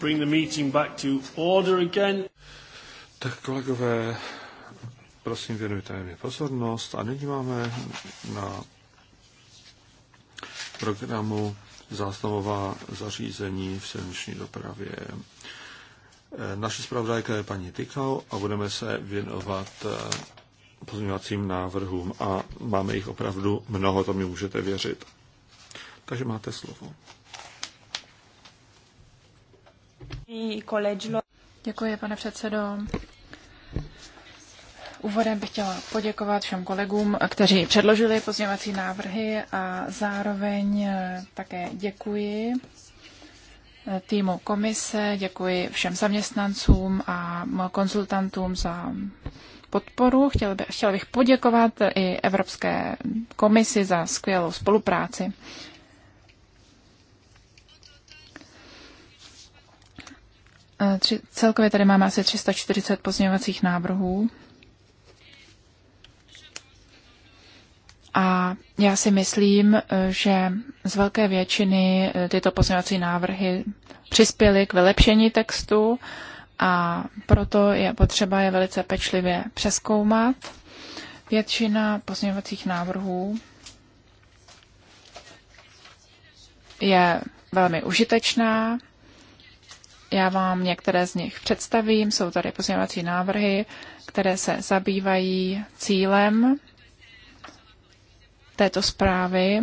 bring the meeting back to order again. Tak kolegové, prosím věnujte mi pozornost a nyní máme na programu zástavová zařízení v silniční dopravě. Eh, naše zpravodajka je paní Tykal a budeme se věnovat eh, pozměňovacím návrhům a máme jich opravdu mnoho, to mi můžete věřit. Takže máte slovo. Děkuji, pane předsedo. Úvodem bych chtěla poděkovat všem kolegům, kteří předložili pozměňovací návrhy a zároveň eh, také děkuji eh, týmu komise, děkuji všem zaměstnancům a konzultantům za podporu. Chtěl, by, chtěl bych poděkovat i Evropské komisi za skvělou spolupráci. Eh, tři, celkově tady máme asi 340 pozměňovacích návrhů. A já si myslím, eh, že z velké většiny eh, tyto pozměňovací návrhy přispěly k vylepšení textu a proto je potřeba je velice pečlivě přeskoumat. Většina pozměňovacích návrhů je velmi užitečná já vám některé z nich představím. Jsou tady pozměňovací návrhy, které se zabývají cílem této zprávy.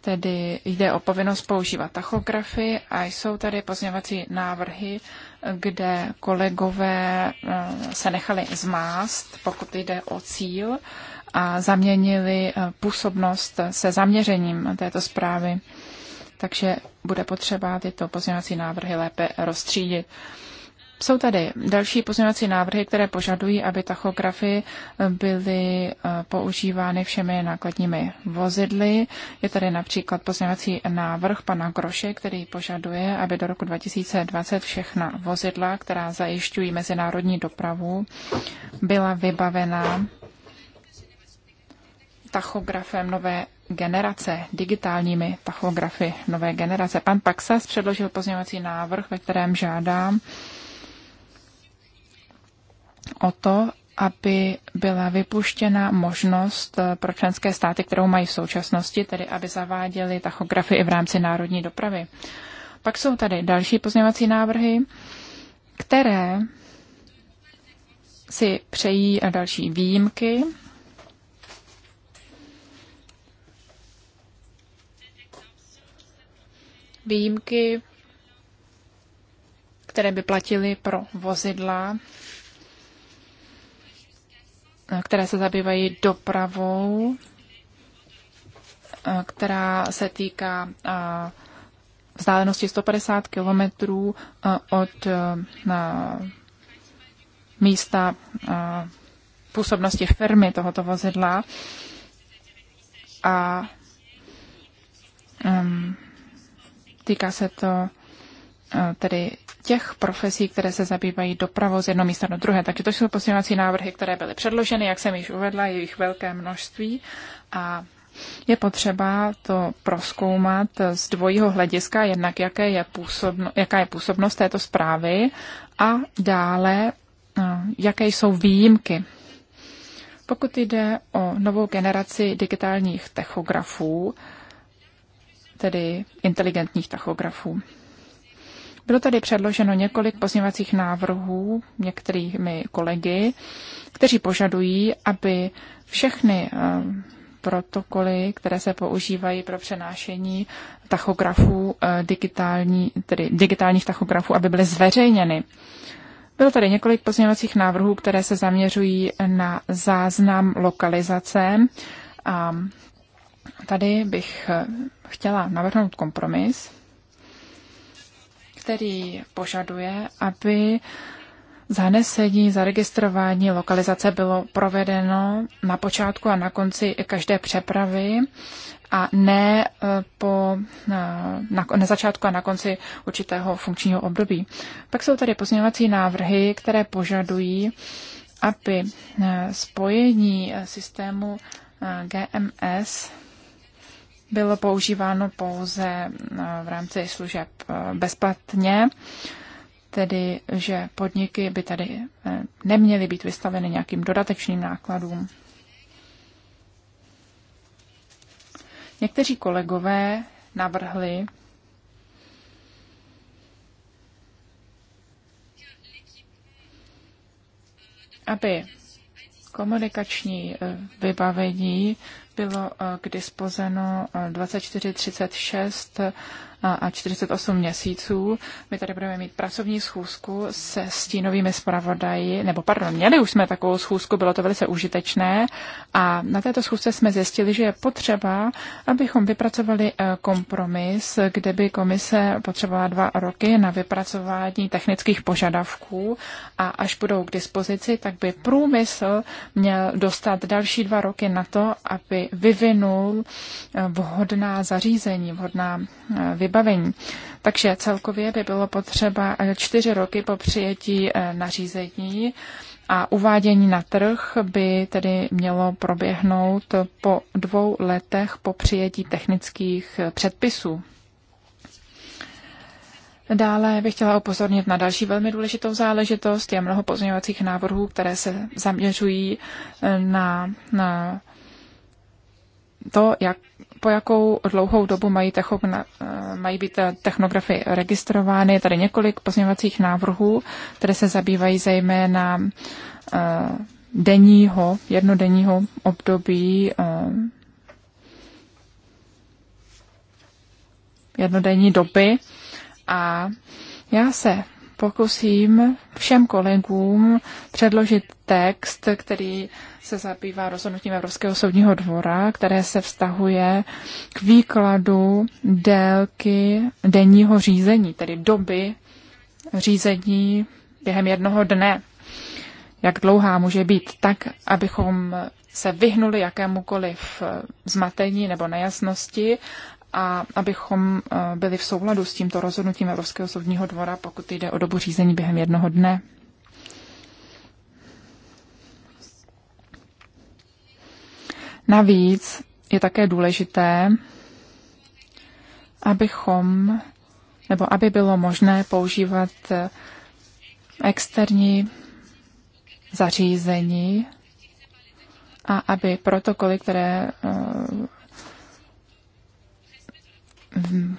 Tedy jde o povinnost používat tachografy a jsou tady pozměňovací návrhy, kde kolegové eh, se nechali zmást, pokud jde o cíl, a zaměnili eh, působnost se zaměřením této zprávy takže bude potřeba tyto pozměňovací návrhy lépe rozstřídit. Jsou tady další pozměňovací návrhy, které požadují, aby tachografy byly eh, používány všemi nákladními vozidly. Je tady například pozměňovací návrh pana Groše, který požaduje, aby do roku 2020 všechna vozidla, která zajišťují mezinárodní dopravu, byla vybavena tachografem nové generace, digitálními tachografy nové generace. Pan Paxas předložil pozměňovací návrh, ve kterém žádám o to, aby byla vypuštěna možnost eh, pro členské státy, kterou mají v současnosti, tedy aby zaváděly tachografy i v rámci národní dopravy. Pak jsou tady další pozměňovací návrhy, které si přejí další výjimky výjimky, které by platily pro vozidla, které se zabývají dopravou, eh, která se týká eh, vzdálenosti 150 kilometrů eh, od místa působnosti firmy tohoto vozidla. A um, Týká se to eh, tedy těch profesí, které se zabývají dopravou z jednoho místa do druhé. Takže to jsou posilovací návrhy, které byly předloženy, jak jsem již uvedla, je jich velké množství a je potřeba to proskoumat z dvojího hlediska, jednak jaké je působno, jaká je působnost této zprávy a dále, eh, jaké jsou výjimky. Pokud jde o novou generaci digitálních techografů, tedy inteligentních tachografů. Bylo tady předloženo několik pozněvacích návrhů některými kolegy, kteří požadují, aby všechny eh, protokoly, které se používají pro přenášení tachografů, eh, digitální, tedy digitálních tachografů, aby byly zveřejněny. Bylo tady několik pozměňovacích návrhů, které se zaměřují na záznam lokalizace a Tady bych eh, chtěla navrhnout kompromis, který požaduje, aby zanesení, zaregistrování lokalizace bylo provedeno na počátku a na konci každé přepravy a ne eh, po, eh, na, na začátku a na konci určitého funkčního období. Pak jsou tady pozměňovací návrhy, které požadují, aby spojení systému GMS bylo používáno pouze eh, v rámci služeb eh, bezplatně, tedy že podniky by tady eh, neměly být vystaveny nějakým dodatečným nákladům. Někteří kolegové navrhli, aby komunikační vybavení bylo eh, k dispozeno 2436 eh, a 48 měsíců. My tady budeme mít pracovní schůzku se stínovými zpravodaji, nebo pardon, měli už jsme takovou schůzku, bylo to velice užitečné a na této schůzce jsme zjistili, že je potřeba, abychom vypracovali eh, kompromis, kde by komise potřebovala dva roky na vypracování technických požadavků a až budou k dispozici, tak by průmysl měl dostat další dva roky na to, aby vyvinul eh, vhodná zařízení, vhodná vybavení eh, vybavení. Takže celkově by bylo potřeba eh, čtyři roky po přijetí eh, nařízení a uvádění na trh by tedy mělo proběhnout po dvou letech po přijetí technických eh, předpisů. Dále bych chtěla upozornit na další velmi důležitou záležitost. Je mnoho pozměňovacích návrhů, které se zaměřují na, na to, jak, po jakou dlouhou dobu mají, techogna, eh, mají být eh, technografy registrovány. Je tady několik pozměňovacích návrhů, které se zabývají zejména eh, denního, jednodenního období jednodenní doby a já se pokusím všem kolegům předložit text, který se zabývá rozhodnutím Evropského soudního dvora, které se vztahuje k výkladu délky denního řízení, tedy doby řízení během jednoho dne. Jak dlouhá může být tak, abychom se vyhnuli jakémukoliv zmatení nebo nejasnosti a abychom eh, byli v souladu s tímto rozhodnutím Evropského soudního dvora, pokud jde o dobu řízení během jednoho dne. Navíc je také důležité, abychom, nebo aby bylo možné používat externí zařízení a aby protokoly, které eh,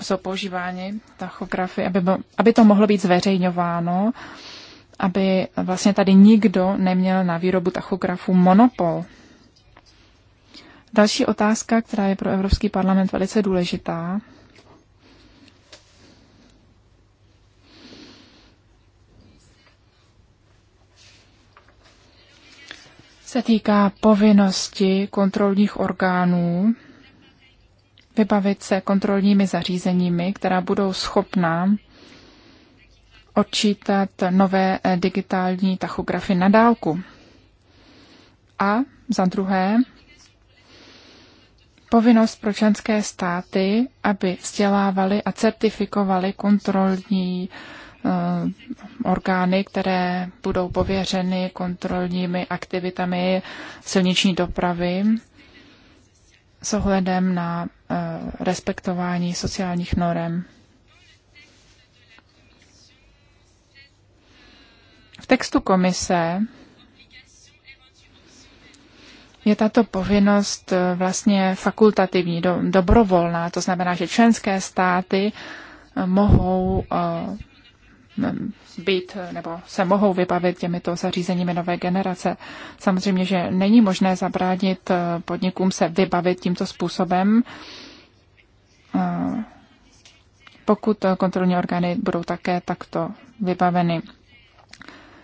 jsou používány, tachografy, aby, aby to mohlo být zveřejňováno, aby vlastně tady nikdo neměl na výrobu tachografu monopol. Další otázka, která je pro Evropský parlament velice důležitá, se týká povinnosti kontrolních orgánů vybavit se kontrolními zařízeními, která budou schopná odčítat nové eh, digitální tachografy na dálku. A za druhé, povinnost pro členské státy, aby vzdělávali a certifikovali kontrolní eh, orgány, které budou pověřeny kontrolními aktivitami silniční dopravy s ohledem na eh, respektování sociálních norem. V textu komise je tato povinnost eh, vlastně fakultativní, do, dobrovolná. To znamená, že členské státy eh, mohou eh, být nebo se mohou vybavit těmito zařízeními nové generace. Samozřejmě, že není možné zabránit podnikům se vybavit tímto způsobem, pokud kontrolní orgány budou také takto vybaveny.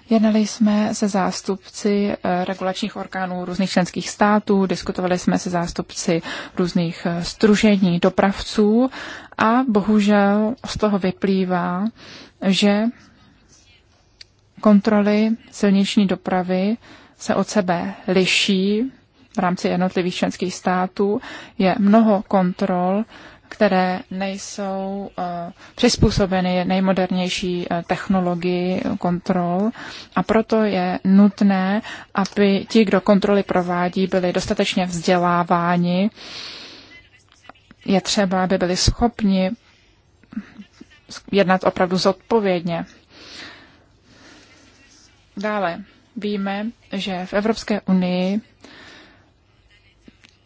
Jednali jsme se zástupci eh, regulačních orgánů různých členských států, diskutovali jsme se zástupci různých eh, stružení dopravců a bohužel z toho vyplývá, že kontroly silniční dopravy se od sebe liší v rámci jednotlivých členských států. Je mnoho kontrol, které nejsou eh, přizpůsobeny nejmodernější eh, technologii kontrol a proto je nutné, aby ti, kdo kontroly provádí, byli dostatečně vzděláváni. Je třeba, aby byli schopni jednat opravdu zodpovědně. Dále víme, že v Evropské unii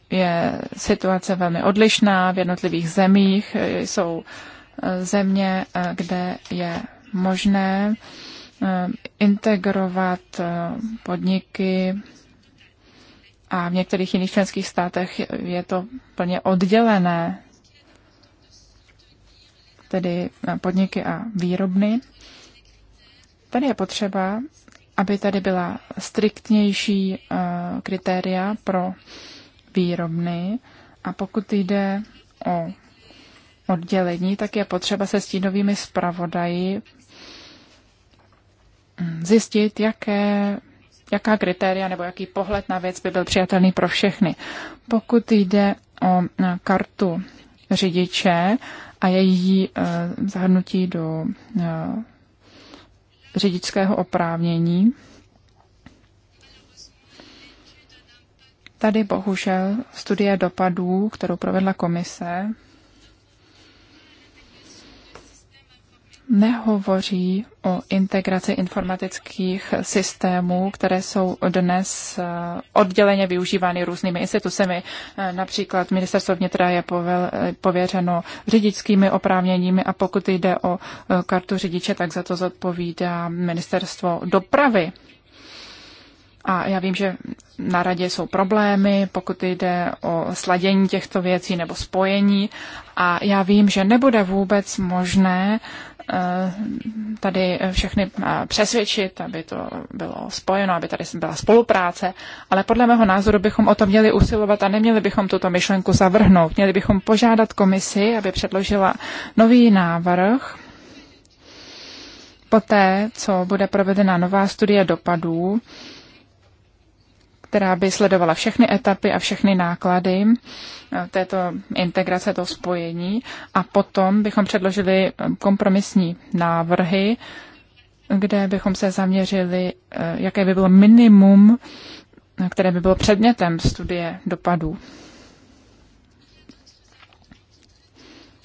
je situace velmi odlišná v jednotlivých zemích. Jsou eh, země, eh, kde je možné eh, integrovat podniky a v některých jiných členských státech je to plně oddělené, tedy podniky a výrobny. Tady je potřeba, aby tady byla striktnější kritéria pro výrobny a pokud jde o oddělení, tak je potřeba se stínovými zpravodaji zjistit, jaké, jaká kritéria nebo jaký pohled na věc by byl přijatelný pro všechny. Pokud jde o kartu řidiče a její e, zahrnutí do e, řidičského oprávnění, Tady bohužel studie dopadů, kterou provedla komise, nehovoří o integraci informatických systémů, které jsou dnes eh, odděleně využívány různými institucemi. Eh, například ministerstvo vnitra je pověřeno řidičskými oprávněními a pokud jde o eh, kartu řidiče, tak za to zodpovídá ministerstvo dopravy. A já vím, že na radě jsou problémy, pokud jde o sladění těchto věcí nebo spojení. A já vím, že nebude vůbec možné eh, tady všechny eh, přesvědčit, aby to bylo spojeno, aby tady byla spolupráce, ale podle mého názoru bychom o to měli usilovat a neměli bychom tuto myšlenku zavrhnout. Měli bychom požádat komisi, aby předložila nový návrh poté, co bude provedena nová studie dopadů, která by sledovala všechny etapy a všechny náklady eh, této integrace, toho spojení. A potom bychom předložili eh, kompromisní návrhy, kde bychom se zaměřili, eh, jaké by bylo minimum, které by bylo předmětem studie dopadů.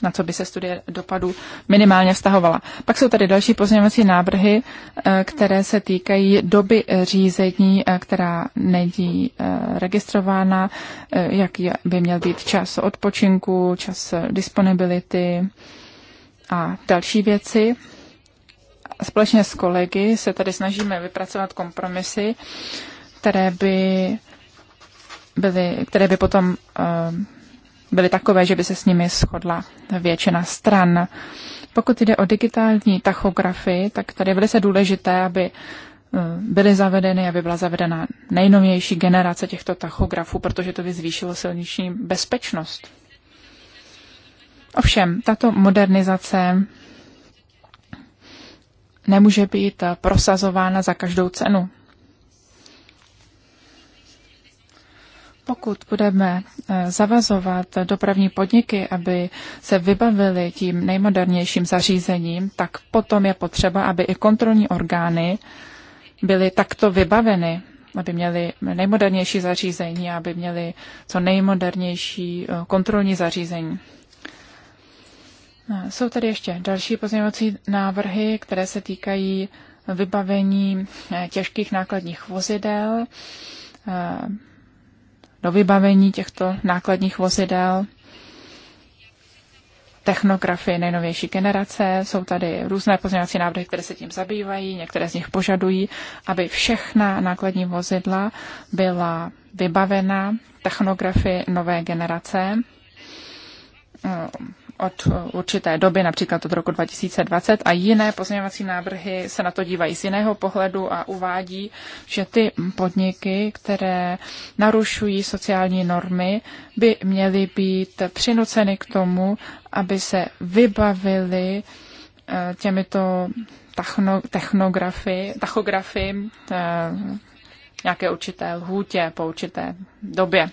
na co by se studie dopadů minimálně vztahovala. Pak jsou tady další pozměňovací návrhy, eh, které se týkají doby eh, řízení, eh, která není registrována, jaký by měl být čas odpočinku, čas disponibility a další věci. Společně s kolegy se tady snažíme vypracovat kompromisy, které by byly, které by potom uh, byly takové, že by se s nimi shodla většina stran. Pokud jde o digitální tachografii, tak tady je velice důležité, aby eh, byly zavedeny, aby byla zavedena nejnovější generace těchto tachografů, protože to by zvýšilo silniční bezpečnost. Ovšem, tato modernizace nemůže být prosazována za každou cenu. Pokud budeme eh, zavazovat dopravní podniky, aby se vybavili tím nejmodernějším zařízením, tak potom je potřeba, aby i kontrolní orgány byly takto vybaveny, aby měly nejmodernější zařízení, aby měly co nejmodernější eh, kontrolní zařízení. Eh, jsou tady ještě další pozměňovací návrhy, které se týkají vybavení těžkých nákladních vozidel, do vybavení těchto nákladních vozidel, technografy nejnovější generace. Jsou tady různé pozměňovací návrhy, které se tím zabývají. Některé z nich požadují, aby všechna nákladní vozidla byla vybavena technografy nové generace od určité doby, například od roku 2020 a jiné pozměňovací návrhy se na to dívají z jiného pohledu a uvádí, že ty podniky, které narušují sociální normy, by měly být přinuceny k tomu, aby se vybavili eh, těmito technografy, tachografy eh, nějaké určité lhůtě po určité době.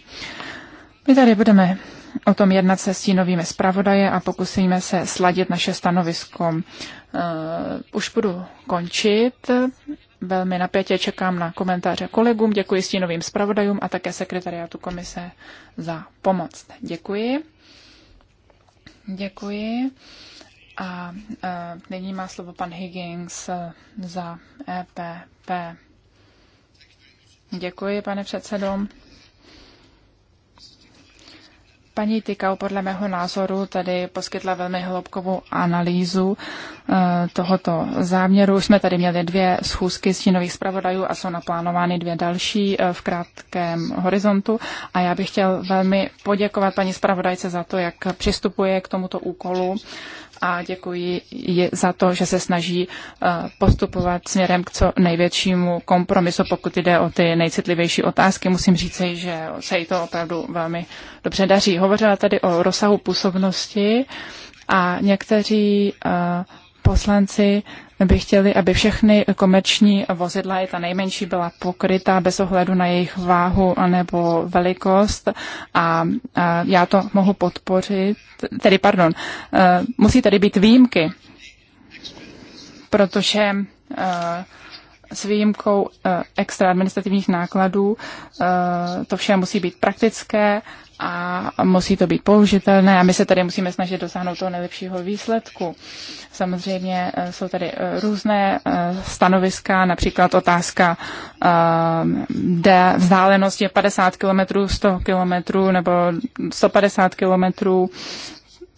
My tady budeme o tom jednat se stínovými zpravodaje a pokusíme se sladit naše stanovisko. Uh, už budu končit. Velmi napětě čekám na komentáře kolegům. Děkuji stínovým zpravodajům a také sekretariátu komise za pomoc. Děkuji. Děkuji. A uh, nyní má slovo pan Higgins za EPP. Děkuji, pane předsedo. Paní Tykau podle mého názoru tady poskytla velmi hloubkovou analýzu eh, tohoto záměru. Už jsme tady měli dvě schůzky stínových zpravodajů a jsou naplánovány dvě další eh, v krátkém horizontu. A já bych chtěl velmi poděkovat paní zpravodajce za to, jak přistupuje k tomuto úkolu a děkuji ji za to, že se snaží eh, postupovat směrem k co největšímu kompromisu, pokud jde o ty nejcitlivější otázky. Musím říct, že se jí to opravdu velmi dobře daří. Hovořila tady o rozsahu působnosti a někteří eh, poslanci by chtěli, aby všechny komerční vozidla, i ta nejmenší, byla pokryta bez ohledu na jejich váhu nebo velikost a, a já to mohu podpořit, tedy pardon, e, musí tady být výjimky, protože e, s výjimkou e, extra administrativních nákladů to vše musí být praktické a musí to být použitelné a my se tady musíme snažit dosáhnout toho nejlepšího výsledku. Samozřejmě eh, jsou tady eh, různé eh, stanoviska, například otázka vzdálenosti 50 km, 100 km nebo 150 km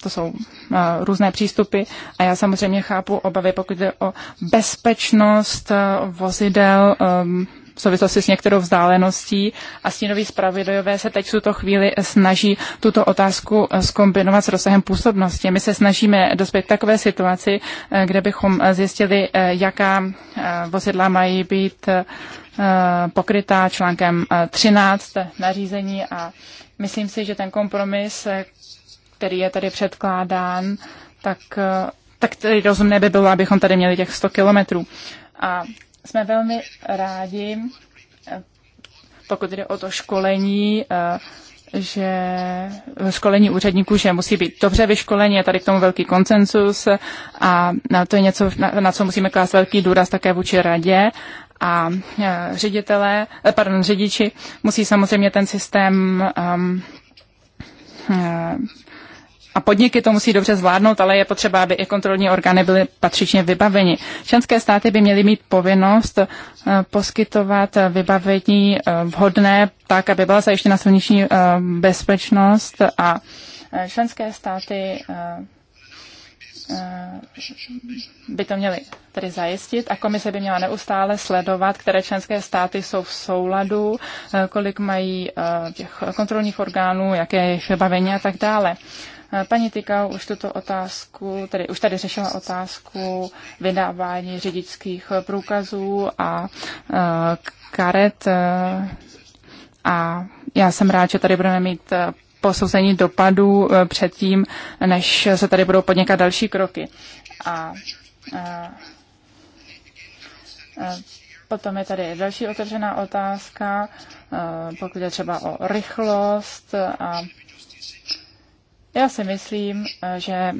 to jsou uh, různé přístupy a já samozřejmě chápu obavy, pokud jde o bezpečnost uh, vozidel, um, v souvislosti s některou vzdáleností a stínoví spravidlové se teď v tuto chvíli snaží tuto otázku skombinovat eh, s rozsahem působnosti. My se snažíme dospět k takové situaci, eh, kde bychom eh, zjistili, jaká vozidla mají být pokrytá článkem 13 nařízení a myslím si, že ten kompromis, který je tady předkládán, tak, tak tedy rozumné by bylo, abychom tady měli těch 100 kilometrů. A jsme velmi rádi, pokud jde o to školení, eh, že školení úředníků, že musí být dobře vyškolení, je tady k tomu velký koncensus a to je něco, na co musíme klást velký důraz také vůči radě a eh, ředitelé, eh, pardon, řidiči musí samozřejmě ten systém um, a podniky to musí dobře zvládnout, ale je potřeba, aby i kontrolní orgány byly patřičně vybaveni. Členské státy by měly mít povinnost eh, poskytovat vybavení eh, vhodné tak, aby byla zajištěna silniční eh, bezpečnost a členské státy by to měly tedy zajistit a komise by měla neustále sledovat, které členské státy jsou v souladu, kolik mají těch kontrolních orgánů, jaké je jejich vybavení a tak dále. Paní Tykau už tuto otázku, tedy už tady řešila otázku vydávání řidičských průkazů a e, karet e, a já jsem rád, že tady budeme mít e, posouzení dopadů předtím, než se tady budou podnikat další kroky. A, a, a potom je tady další otevřená otázka, pokud je třeba o rychlost a já si myslím, eh, že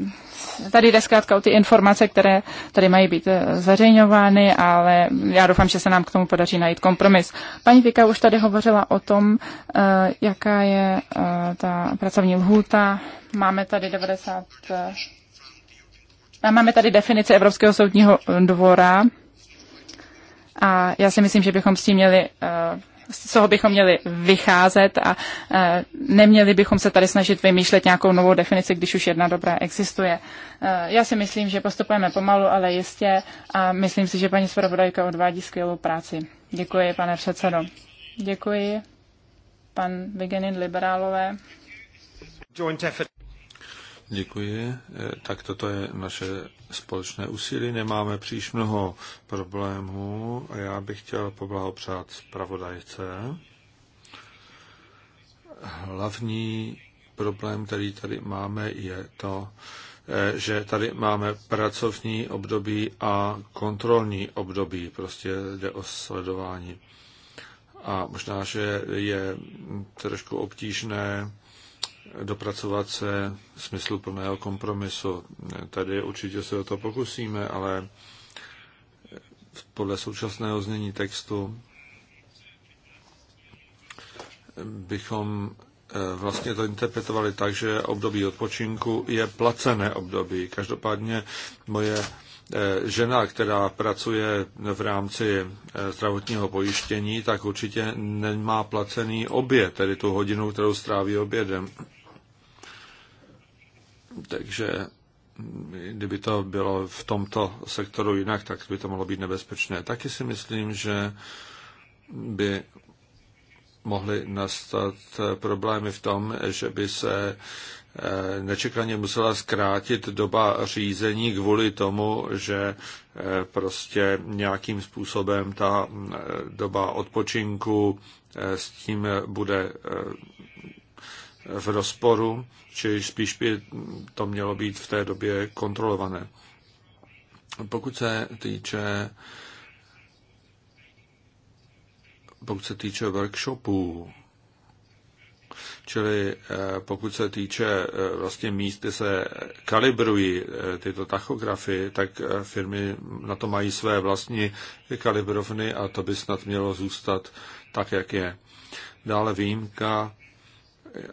tady jde zkrátka o ty informace, které tady mají být eh, zveřejňovány, ale já doufám, že se nám k tomu podaří najít kompromis. Paní Vika už tady hovořila o tom, eh, jaká je ta pracovní lhůta. Máme tady 90. A máme tady definici Evropského soudního dvora. A já si myslím, že bychom s tím měli z toho bychom měli vycházet a e, neměli bychom se tady snažit vymýšlet nějakou novou definici, když už jedna dobrá existuje. E, já si myslím, že postupujeme pomalu, ale jistě a myslím si, že paní Svobodajka odvádí skvělou práci. Děkuji, pane předsedo. Děkuji, pan Vigenin Liberálové. Děkuji. Eh, tak toto je naše společné úsilí. Nemáme příliš mnoho problémů a já bych chtěl poblahopřát zpravodajce. Hlavní problém, který tady máme, je to, eh, že tady máme pracovní období a kontrolní období. Prostě jde o sledování. A možná, že je trošku obtížné dopracovat se smyslu plného kompromisu. Tady určitě se o to pokusíme, ale podle současného znění textu bychom eh, vlastně to interpretovali tak, že období odpočinku je placené období. Každopádně moje eh, žena, která pracuje v rámci eh, zdravotního pojištění, tak určitě nemá placený oběd, tedy tu hodinu, kterou stráví obědem. Takže mm, kdyby to bylo v tomto sektoru jinak, tak by to mohlo být nebezpečné. Taky si myslím, že by mohly nastat eh, problémy v tom, že by se eh, nečekaně musela zkrátit doba řízení kvůli tomu, že eh, prostě nějakým způsobem ta mm, doba odpočinku s tím bude v rozporu, či spíš by to mělo být v té době kontrolované. Pokud se týče pokud se týče workshopů, čili eh, pokud se týče eh, vlastně míst, kde se kalibrují eh, tyto tachografy, tak firmy na to mají své vlastní kalibrovny a to by snad mělo zůstat tak, jak je. Dále výjimka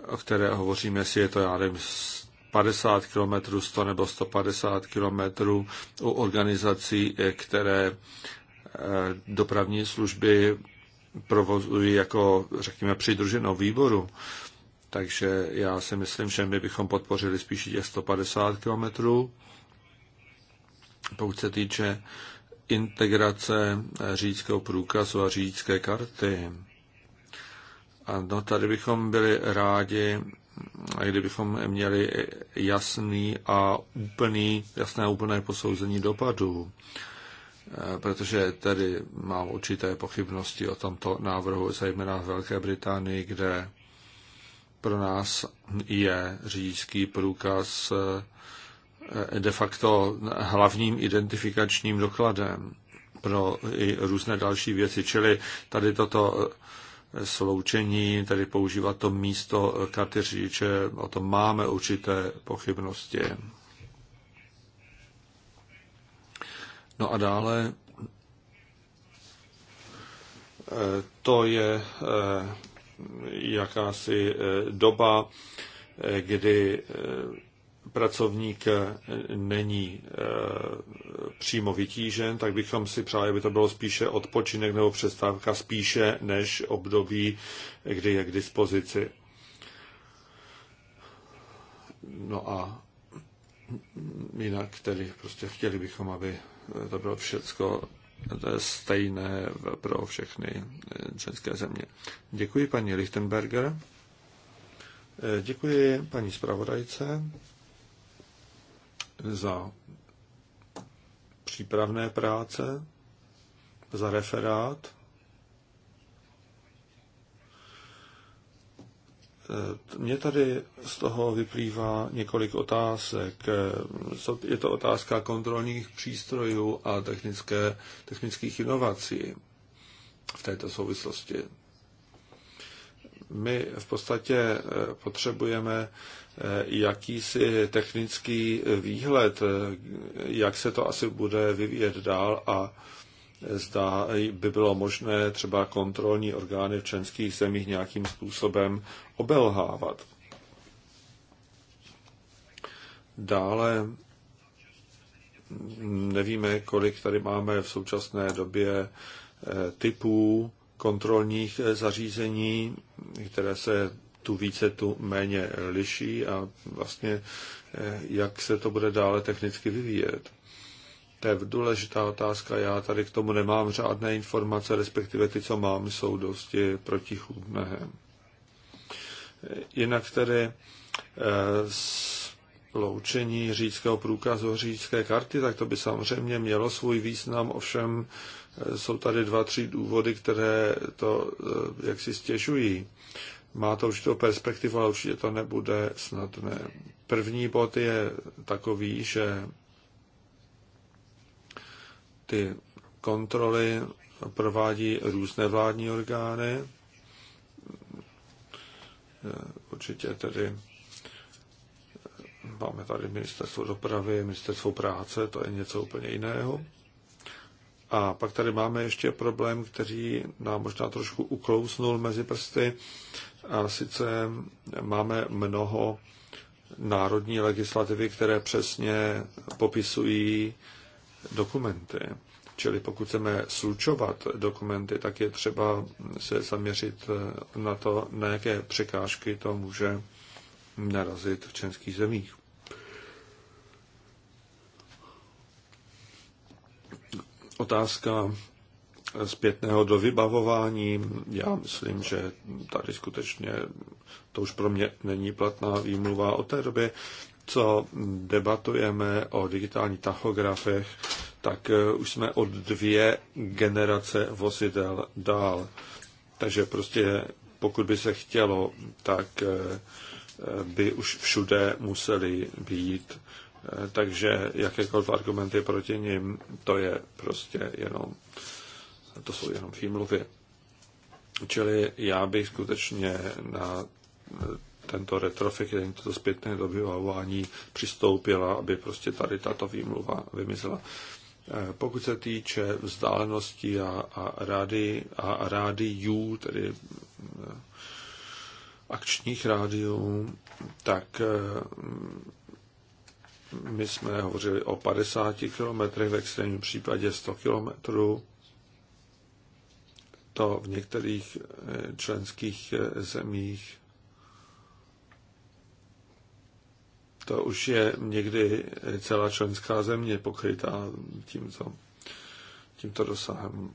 o které hovoříme, jestli je to, já nevím, 50 km, 100 nebo 150 km u organizací, které eh, dopravní služby provozují jako, řekněme, přidruženou výboru. Takže já si myslím, že my bychom podpořili spíše těch 150 km. Pokud se týče integrace řídického průkazu a řídické karty, No tady bychom byli rádi, kdybychom měli jasný a úplný, jasné a úplné posouzení dopadů, eh, protože tady mám určité pochybnosti o tomto návrhu, zejména v Velké Británii, kde pro nás je řidičský průkaz eh, de facto hlavním identifikačním dokladem pro i různé další věci. Čili tady toto sloučení, tedy používat to místo karty řidiče, o tom máme určité pochybnosti. No a dále eh, to je eh, jakási eh, doba, kdy pracovník eh, není eh, přímo vytížen, tak bychom si přáli, aby to bylo spíše odpočinek nebo přestávka spíše než období, kdy je k dispozici. No a jinak tedy prostě chtěli bychom, aby to bylo všecko eh, to je stejné pro všechny české země. Děkuji paní Lichtenberger. Děkuji paní zpravodajce za přípravné práce, za referát, eh, Mně tady z toho vyplývá několik otázek. Eh, je to otázka kontrolních přístrojů a technické, technických inovací v této souvislosti my v podstatě eh, potřebujeme eh, jakýsi technický eh, výhled, jak se to asi bude vyvíjet dál a zda by bylo možné třeba kontrolní orgány v členských zemích nějakým způsobem obelhávat. Dále mm, nevíme, kolik tady máme v současné době typů kontrolních eh, zařízení, které se tu více, tu méně liší a vlastně eh, jak se to bude dále technicky vyvíjet. To je důležitá otázka, já tady k tomu nemám žádné informace, respektive ty, co mám, jsou dosti protichůdné. Eh, jinak tedy sloučení řídského průkazu, řídské karty, tak to by samozřejmě mělo svůj význam, ovšem jsou tady dva, tři důvody, které to eh, jak si stěžují. Má to určitou perspektivu, ale určitě to nebude snadné. První bod je takový, že ty kontroly provádí různé vládní orgány. Eh, určitě tedy eh, máme tady ministerstvo dopravy, ministerstvo práce, to je něco úplně jiného. A pak tady máme ještě problém, který nám možná trošku uklousnul mezi prsty. A sice máme mnoho národní legislativy, které přesně popisují dokumenty. Čili pokud chceme slučovat dokumenty, tak je třeba se zaměřit na to, na jaké překážky to může narazit v českých zemích. Otázka zpětného do vybavování, já myslím, že tady skutečně to už pro mě není platná výmluva o té době, co debatujeme o digitálních tachografech, tak eh, už jsme od dvě generace vozidel dál. Takže prostě pokud by se chtělo, tak eh, eh, by už všude museli být takže jakékoliv argumenty proti nim, to je prostě jenom, to jsou jenom výmluvy. Čili já bych skutečně na tento retrofit, toto zpětné dobyvávání přistoupila, aby prostě tady tato výmluva vymizela. Pokud se týče vzdálenosti a, a rády a rádiů, tedy eh, akčních rádiů, tak eh, my jsme hovořili o 50 kilometrech, v extrémním případě 100 kilometrů. To v některých eh, členských eh, zemích to už je někdy eh, celá členská země pokrytá tímto, tímto dosahem.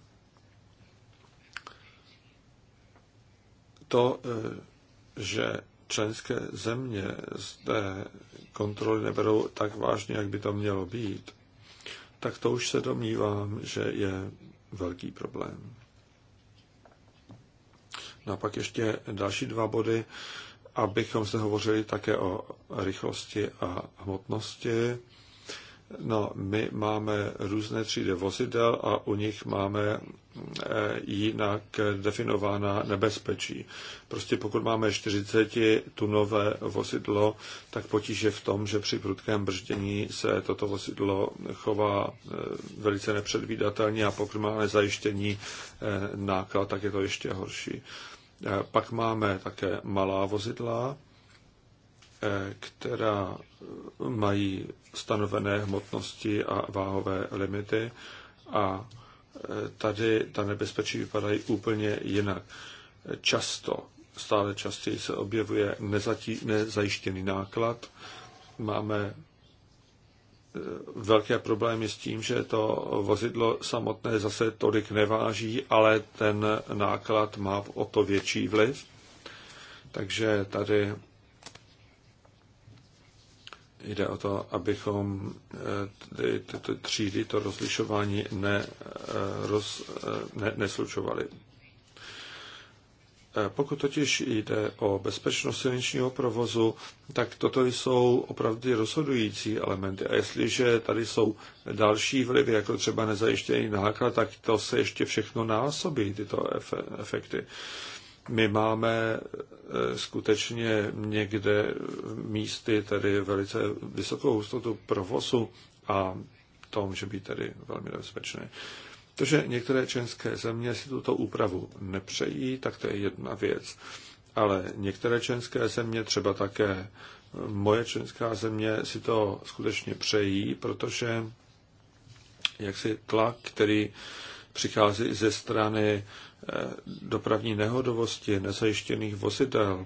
To, že členské země zde kontroly neberou tak vážně, jak by to mělo být, tak to už se domnívám, že je velký problém. No a pak ještě další dva body, abychom se hovořili také o rychlosti a hmotnosti. No, my máme různé třídy vozidel a u nich máme eh, jinak definována nebezpečí. Prostě pokud máme 40-tunové vozidlo, tak potíž je v tom, že při prudkém brždění se toto vozidlo chová eh, velice nepředvídatelně a pokud máme zajištění eh, náklad, tak je to ještě horší. Pak máme také malá vozidla, Eh, která mají stanovené hmotnosti a váhové limity a eh, tady ta nebezpečí vypadají úplně jinak. Často, stále častěji se objevuje nezatí, nezajištěný náklad. Máme eh, velké problémy s tím, že to vozidlo samotné zase tolik neváží, ale ten náklad má o to větší vliv. Takže tady jde o to, abychom eh, ty, ty, ty třídy, to rozlišování ne, eh, roz, eh, ne, neslučovali. Pokud totiž jde o bezpečnost silničního provozu, tak toto jsou opravdu rozhodující elementy. A jestliže tady jsou další vlivy, jako třeba nezajištění náklad, tak to se ještě všechno násobí, tyto efekty. My máme e, skutečně někde místy tady velice vysokou hustotu provozu a to může být tady velmi nebezpečné. To, že některé členské země si tuto úpravu nepřejí, tak to je jedna věc. Ale některé členské země, třeba také moje členská země, si to skutečně přejí, protože jaksi tlak, který přichází ze strany Eh, dopravní nehodovosti nezajištěných vozidel,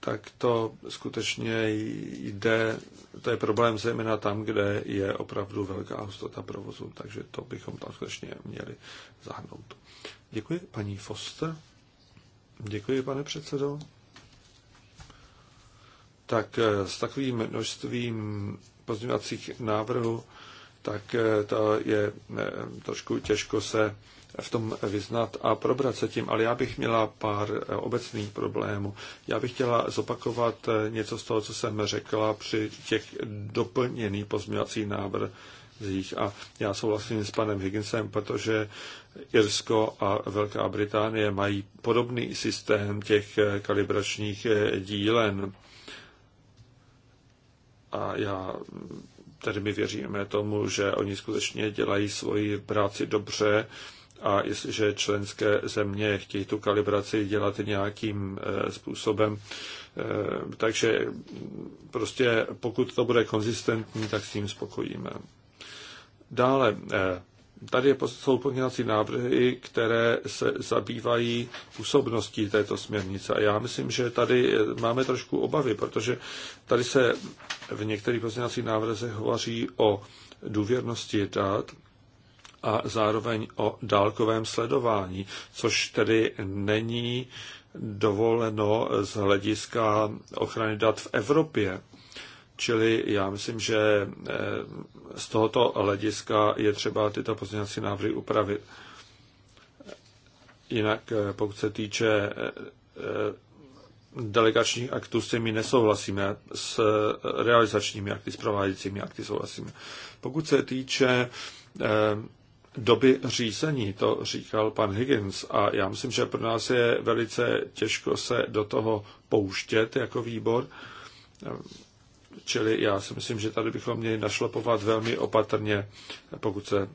tak to skutečně jde, to je problém zejména tam, kde je opravdu velká hustota provozu, takže to bychom tam skutečně měli zahrnout. Děkuji, paní Foster. Děkuji, pane předsedo. Tak eh, s takovým množstvím pozměňovacích návrhů, tak eh, to je trošku těžko se v tom vyznat a probrat se tím, ale já bych měla pár eh, obecných problémů. Já bych chtěla zopakovat eh, něco z toho, co jsem řekla při těch doplněných pozměňovacích návrzích. A já souhlasím s panem Higginsem, protože Irsko a Velká Británie mají podobný systém těch eh, kalibračních dílen. A já mm, tedy my věříme tomu, že oni skutečně dělají svoji práci dobře a jestliže členské země chtějí tu kalibraci dělat nějakým eh, způsobem, eh, takže prostě pokud to bude konzistentní, tak s tím spokojíme. Dále, eh, tady jsou pozměňovací návrhy, které se zabývají působností této směrnice. A já myslím, že tady máme trošku obavy, protože tady se v některých pozměňovacích návrzech hovoří o důvěrnosti dat, a zároveň o dálkovém sledování, což tedy není dovoleno z hlediska ochrany dat v Evropě. Čili já myslím, že eh, z tohoto hlediska je třeba tyto pozměňovací návrhy upravit. Jinak eh, pokud se týče eh, delegačních aktů, s těmi nesouhlasíme, s realizačními akty, s prováděcími akty souhlasíme. Pokud se týče doby řízení, to říkal pan Higgins, a já myslím, že pro nás je velice těžko se do toho pouštět jako výbor. Čili já si myslím, že tady bychom měli našlapovat velmi opatrně, pokud se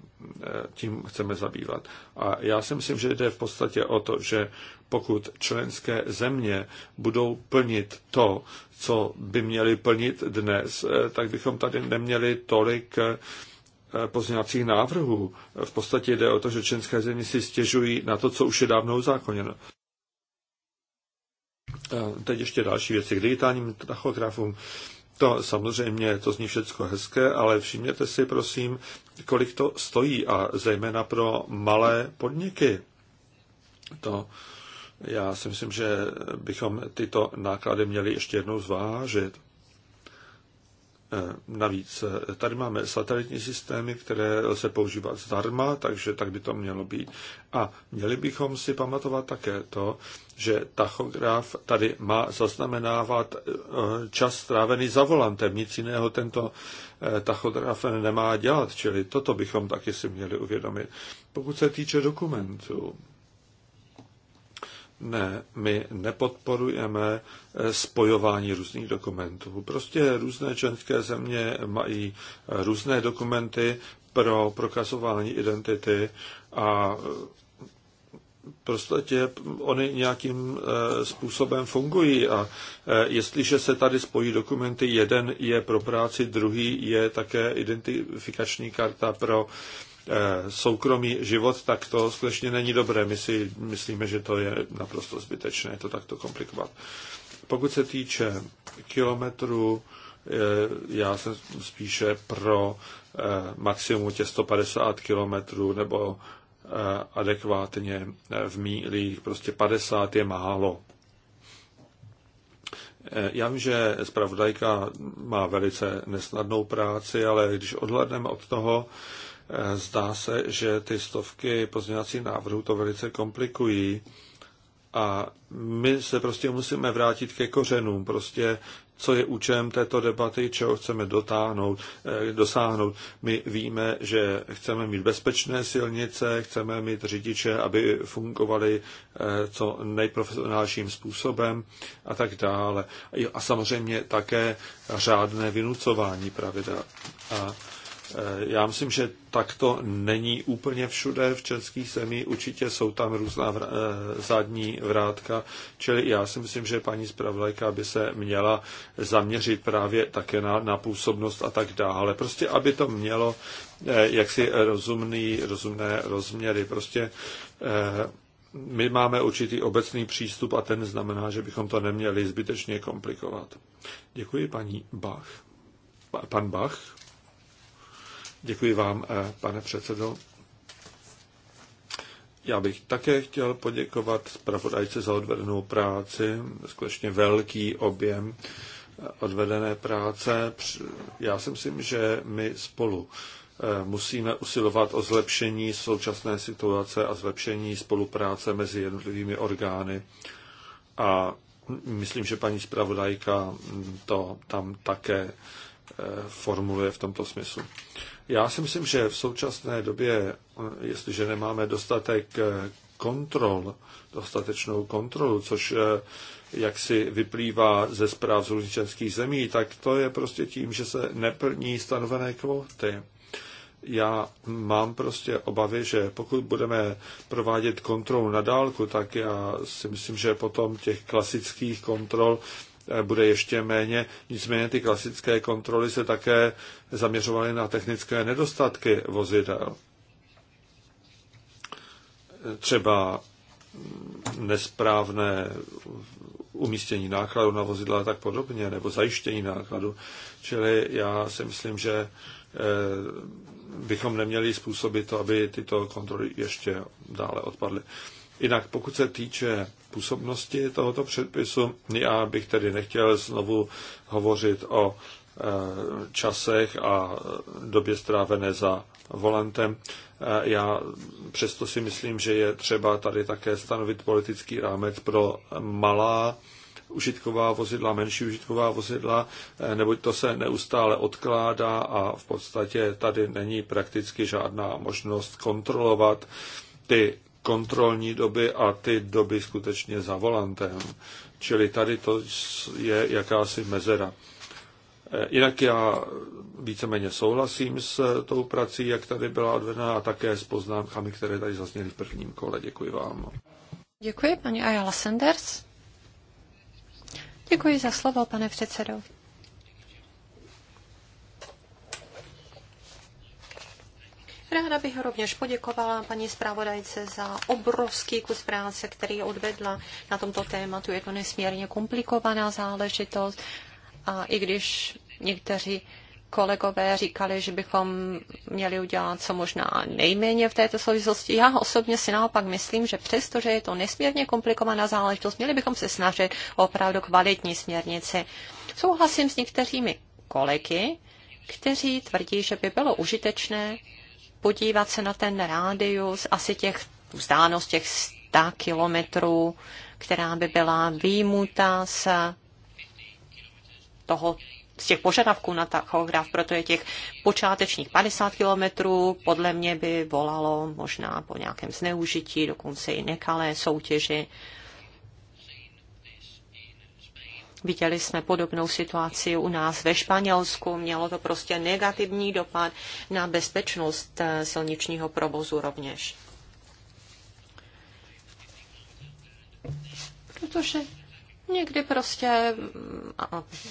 eh, tím chceme zabývat. A já si myslím, že jde v podstatě o to, že pokud členské země budou plnit to, co by měly plnit dnes, eh, tak bychom tady neměli tolik eh, pozměňovacích návrhů. V podstatě jde o to, že členské země si stěžují na to, co už je dávno uzákoněno. Teď ještě další věci k digitálním tachografům. To samozřejmě, to zní všecko hezké, ale všimněte si, prosím, kolik to stojí a zejména pro malé podniky. To já si myslím, že bychom tyto náklady měli ještě jednou zvážit. Eh, navíc eh, tady máme satelitní systémy, které lze používat zdarma, takže tak by to mělo být. A měli bychom si pamatovat také to, že tachograf tady má zaznamenávat eh, čas strávený za volantem. Nic jiného tento tachograf nemá dělat, čili toto bychom taky si měli uvědomit. Pokud se týče dokumentů, ne, my nepodporujeme eh, spojování různých dokumentů. Prostě různé členské země mají eh, různé dokumenty pro prokazování identity a prostě oni nějakým způsobem fungují a jestliže se tady spojí dokumenty, jeden je pro práci, druhý je také identifikační karta pro Eh, soukromý život, tak to skutečně není dobré. My si myslíme, že to je naprosto zbytečné to takto komplikovat. Pokud se týče kilometru, eh, já jsem spíše pro eh, maximum tě 150 kilometrů nebo adekvátně v mílích, prostě 50 je málo. Já vím, že zpravodajka má velice nesnadnou práci, ale když odhledneme od toho, Zdá se, že ty stovky pozměňovacích návrhů to velice komplikují a my se prostě musíme vrátit ke kořenům, prostě co je účelem této debaty, čeho chceme dotáhnout, eh, dosáhnout. My víme, že chceme mít bezpečné silnice, chceme mít řidiče, aby fungovali eh, co nejprofesionálnějším způsobem a tak dále. A samozřejmě také řádné vynucování pravidel. A Eh, já myslím, že takto není úplně všude v českých zemí. Určitě jsou tam různá vr- eh, zadní vrátka, čili já si myslím, že paní zpravodajka by se měla zaměřit právě také na, na působnost a tak dále. Prostě, aby to mělo eh, jaksi rozumný, rozumné rozměry. Prostě my máme určitý obecný přístup a ten znamená, že bychom to neměli zbytečně komplikovat. Děkuji paní Bach. Pa, pan Bach. Děkuji vám, eh, pane předsedo. Já bych také chtěl poděkovat zpravodajce za odvedenou práci, skutečně velký objem eh, odvedené práce. Já si myslím, že my spolu eh, musíme usilovat o zlepšení současné situace a zlepšení spolupráce mezi jednotlivými orgány. A myslím, že paní zpravodajka to tam také Eh, formuluje v tomto smyslu. Já si myslím, že v současné době, eh, jestliže nemáme dostatek eh, kontrol, dostatečnou kontrolu, což jak si vyplývá ze zpráv z různých zemí, tak to je prostě tím, že se neplní stanovené kvóty. Já mám prostě obavy, že pokud budeme provádět kontrolu na dálku, tak já si myslím, že potom těch klasických kontrol bude ještě méně. Nicméně ty klasické kontroly se také zaměřovaly na technické nedostatky vozidel. Třeba nesprávné umístění nákladu na vozidla a tak podobně, nebo zajištění nákladu. Čili já si myslím, že eh, bychom neměli způsobit to, aby tyto kontroly ještě dále odpadly. Jinak pokud se týče působnosti tohoto předpisu, já bych tedy nechtěl znovu hovořit o eh, časech a eh, době strávené za volantem. Eh, já přesto si myslím, že je třeba tady také stanovit politický rámec pro malá užitková vozidla, menší užitková vozidla, neboť to se neustále odkládá a v podstatě tady není prakticky žádná možnost kontrolovat ty kontrolní doby a ty doby skutečně za volantem. Čili tady to je jakási mezera. Eh, jinak já víceméně souhlasím s tou prací, jak tady byla odvedena a také s poznámkami, které tady zazněly v prvním kole. Děkuji vám. Děkuji, paní Ayala Sanders. Děkuji za slovo, pane předsedo. Ráda bych rovněž poděkovala paní zpravodajce za obrovský kus práce, který odvedla na tomto tématu. Je to nesmírně komplikovaná záležitost a i když někteří kolegové říkali, že bychom měli udělat co možná nejméně v této souvislosti. Já osobně si naopak myslím, že přesto, že je to nesmírně komplikovaná záležitost, měli bychom se snažit o opravdu kvalitní směrnici. Souhlasím s některými kolegy, kteří tvrdí, že by bylo užitečné podívat se na ten rádius asi těch vzdálenost těch 100 kilometrů, která by byla výjimuta z toho z těch požadavků na tachograf, proto je těch počátečních 50 kilometrů, podle mě by volalo možná po nějakém zneužití, dokonce i nekalé soutěži Viděli jsme podobnou situaci u nás ve Španělsku. Mělo to prostě negativní dopad na bezpečnost eh, silničního provozu rovněž. Protože někdy prostě mm,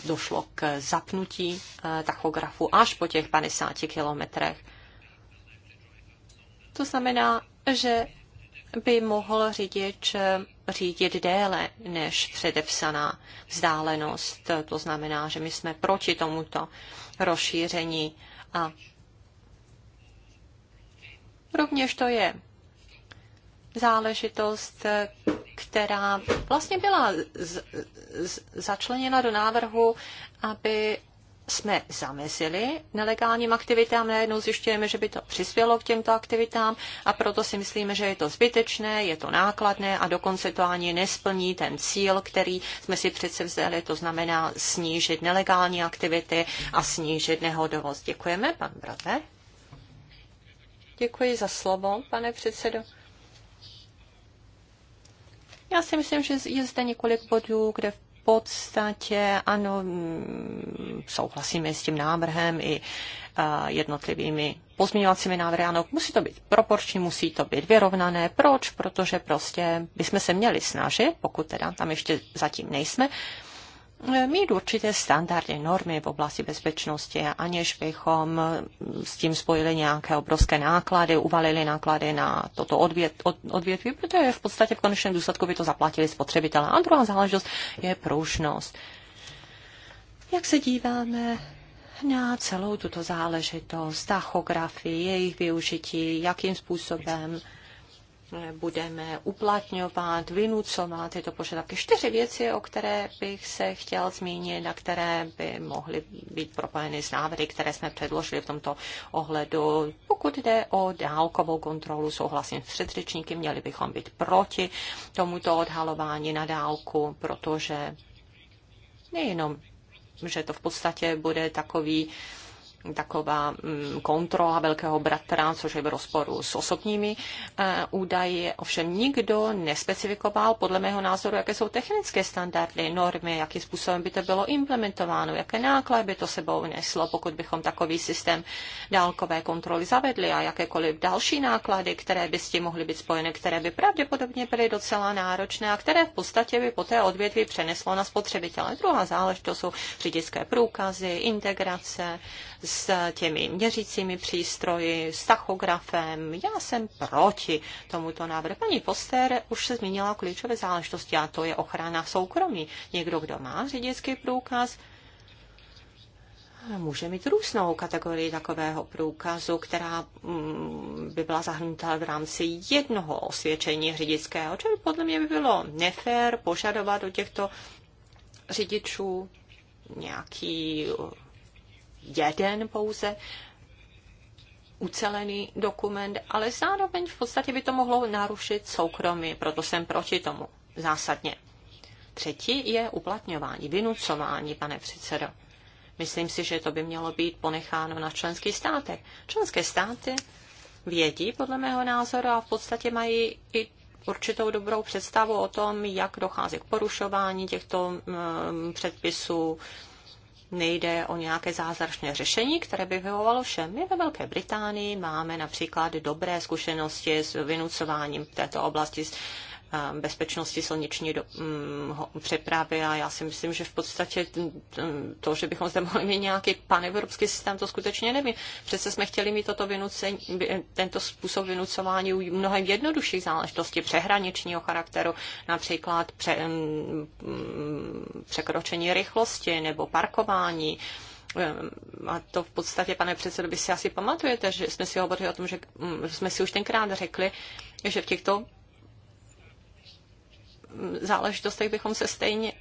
došlo k zapnutí eh, tachografu až po těch 50 kilometrech. To znamená, že by mohl řidič řídit déle než předepsaná vzdálenost. To znamená, že my jsme proti tomuto rozšíření a rovněž to je záležitost, která vlastně byla z, z, začleněna do návrhu, aby jsme zamezili nelegálním aktivitám, najednou zjišťujeme, že by to přispělo k těmto aktivitám a proto si myslíme, že je to zbytečné, je to nákladné a dokonce to ani nesplní ten cíl, který jsme si přece vzali, to znamená snížit nelegální aktivity a snížit nehodovost. Děkujeme, pan brate. Děkuji za slovo, pane předsedo. Já si myslím, že je zde několik bodů, kde v podstatě ano, mm, souhlasíme s tím návrhem i eh, jednotlivými pozměňovacími návrhy. Ano, musí to být proporční, musí to být vyrovnané. Proč? Protože prostě bychom se měli snažit, pokud teda tam ještě zatím nejsme, Eh, mít určité standardy, normy v oblasti bezpečnosti, aniž bychom s tím spojili nějaké obrovské náklady, uvalili náklady na toto odvět, odvětví, protože v podstatě v konečném důsledku by to zaplatili spotřebitelé. A druhá záležitost je pružnost. Jak se díváme na celou tuto záležitost, tachografii, jejich využití, jakým způsobem budeme uplatňovat, vynucovat tyto požadavky. Čtyři věci, o které bych se chtěl zmínit, na které by mohly být propojeny s návrhy, které jsme předložili v tomto ohledu. Pokud jde o dálkovou kontrolu, souhlasím s předřečníky, měli bychom být proti tomuto odhalování na dálku, protože nejenom že to v podstatě bude takový taková mm, kontrola velkého bratra, což je v rozporu s osobními eh, údaji. Ovšem nikdo nespecifikoval podle mého názoru, jaké jsou technické standardy, normy, jakým způsobem by to bylo implementováno, jaké náklady by to sebou neslo, pokud bychom takový systém dálkové kontroly zavedli a jakékoliv další náklady, které by s tím mohly být spojeny, které by pravděpodobně byly docela náročné a které v podstatě by poté odvětví přeneslo na spotřebitele. Druhá záležitost jsou řidičské průkazy, integrace, s těmi měřícími přístroji, s tachografem. Já jsem proti tomuto návrhu. Paní Poster už se zmínila klíčové záležitosti a to je ochrana soukromí. Někdo, kdo má řidičský průkaz, může mít různou kategorii takového průkazu, která mm, by byla zahrnuta v rámci jednoho osvědčení řidičského, čili podle mě by bylo nefér požadovat od těchto řidičů nějaký jeden pouze ucelený dokument, ale zároveň v podstatě by to mohlo narušit soukromí, proto jsem proti tomu zásadně. Třetí je uplatňování, vynucování, pane předsedo. Myslím si, že to by mělo být ponecháno na členských státech. Členské státy vědí, podle mého názoru, a v podstatě mají i určitou dobrou představu o tom, jak dochází k porušování těchto mm, předpisů, nejde o nějaké zázračné řešení, které by vyhovovalo všem. My ve Velké Británii máme například dobré zkušenosti s vynucováním v této oblasti Eh, bezpečnosti silniční do, um, přepravy a já si myslím, že v podstatě to, že bychom zde mohli mít nějaký panevropský systém, to skutečně nevím. Přece jsme chtěli mít toto vynucení, tento způsob vynucování u mnohem jednodušších záležitostí přehraničního charakteru, například pře, um, překročení rychlosti nebo parkování. Eh, a to v podstatě, pane předsedo, vy si asi pamatujete, že jsme si hovořili o tom, že jsme si už tenkrát řekli, že v těchto záležitostech bychom se stejně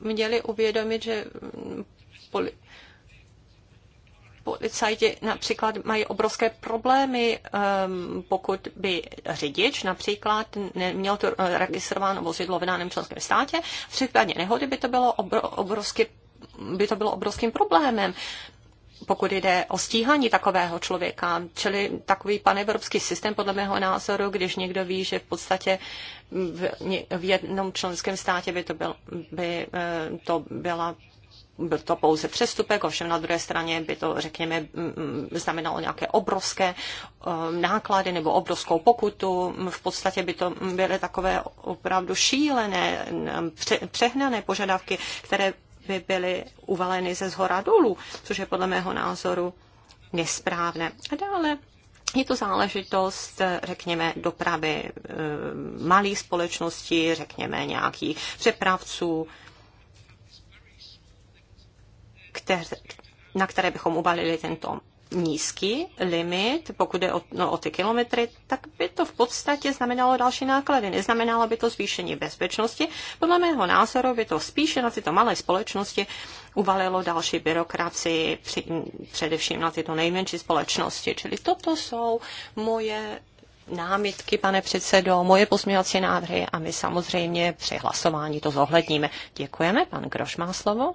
měli uvědomit, že poli- policajti například mají obrovské problémy, ehm, pokud by řidič například neměl to eh, registrováno vozidlo v daném členském státě, v případě nehody by to bylo obrovsky by to bylo obrovským problémem pokud jde o stíhání takového člověka. Čili takový panevropský systém, podle mého názoru, když někdo ví, že v podstatě v, v jednom členském státě by to, byl, by, eh, to byla byl to pouze přestupek, ovšem na druhé straně by to, řekněme, znamenalo nějaké obrovské eh, náklady nebo obrovskou pokutu. V podstatě by to byly takové opravdu šílené, přehnané požadavky, které by byly uvaleny ze zhora dolů, což je podle mého názoru nesprávné. A dále je to záležitost, řekněme, dopravy eh, malých společností, řekněme, nějakých přepravců, které, na které bychom ubalili tento nízký limit, pokud je o, no, o ty kilometry, tak by to v podstatě znamenalo další náklady. Neznamenalo by to zvýšení bezpečnosti. Podle mého názoru by to spíše na tyto malé společnosti uvalilo další byrokracii, při, především na tyto nejmenší společnosti. Čili toto jsou moje námitky, pane předsedo, moje pozměňovací návrhy a my samozřejmě při hlasování to zohledníme. Děkujeme. Pan Groš má slovo.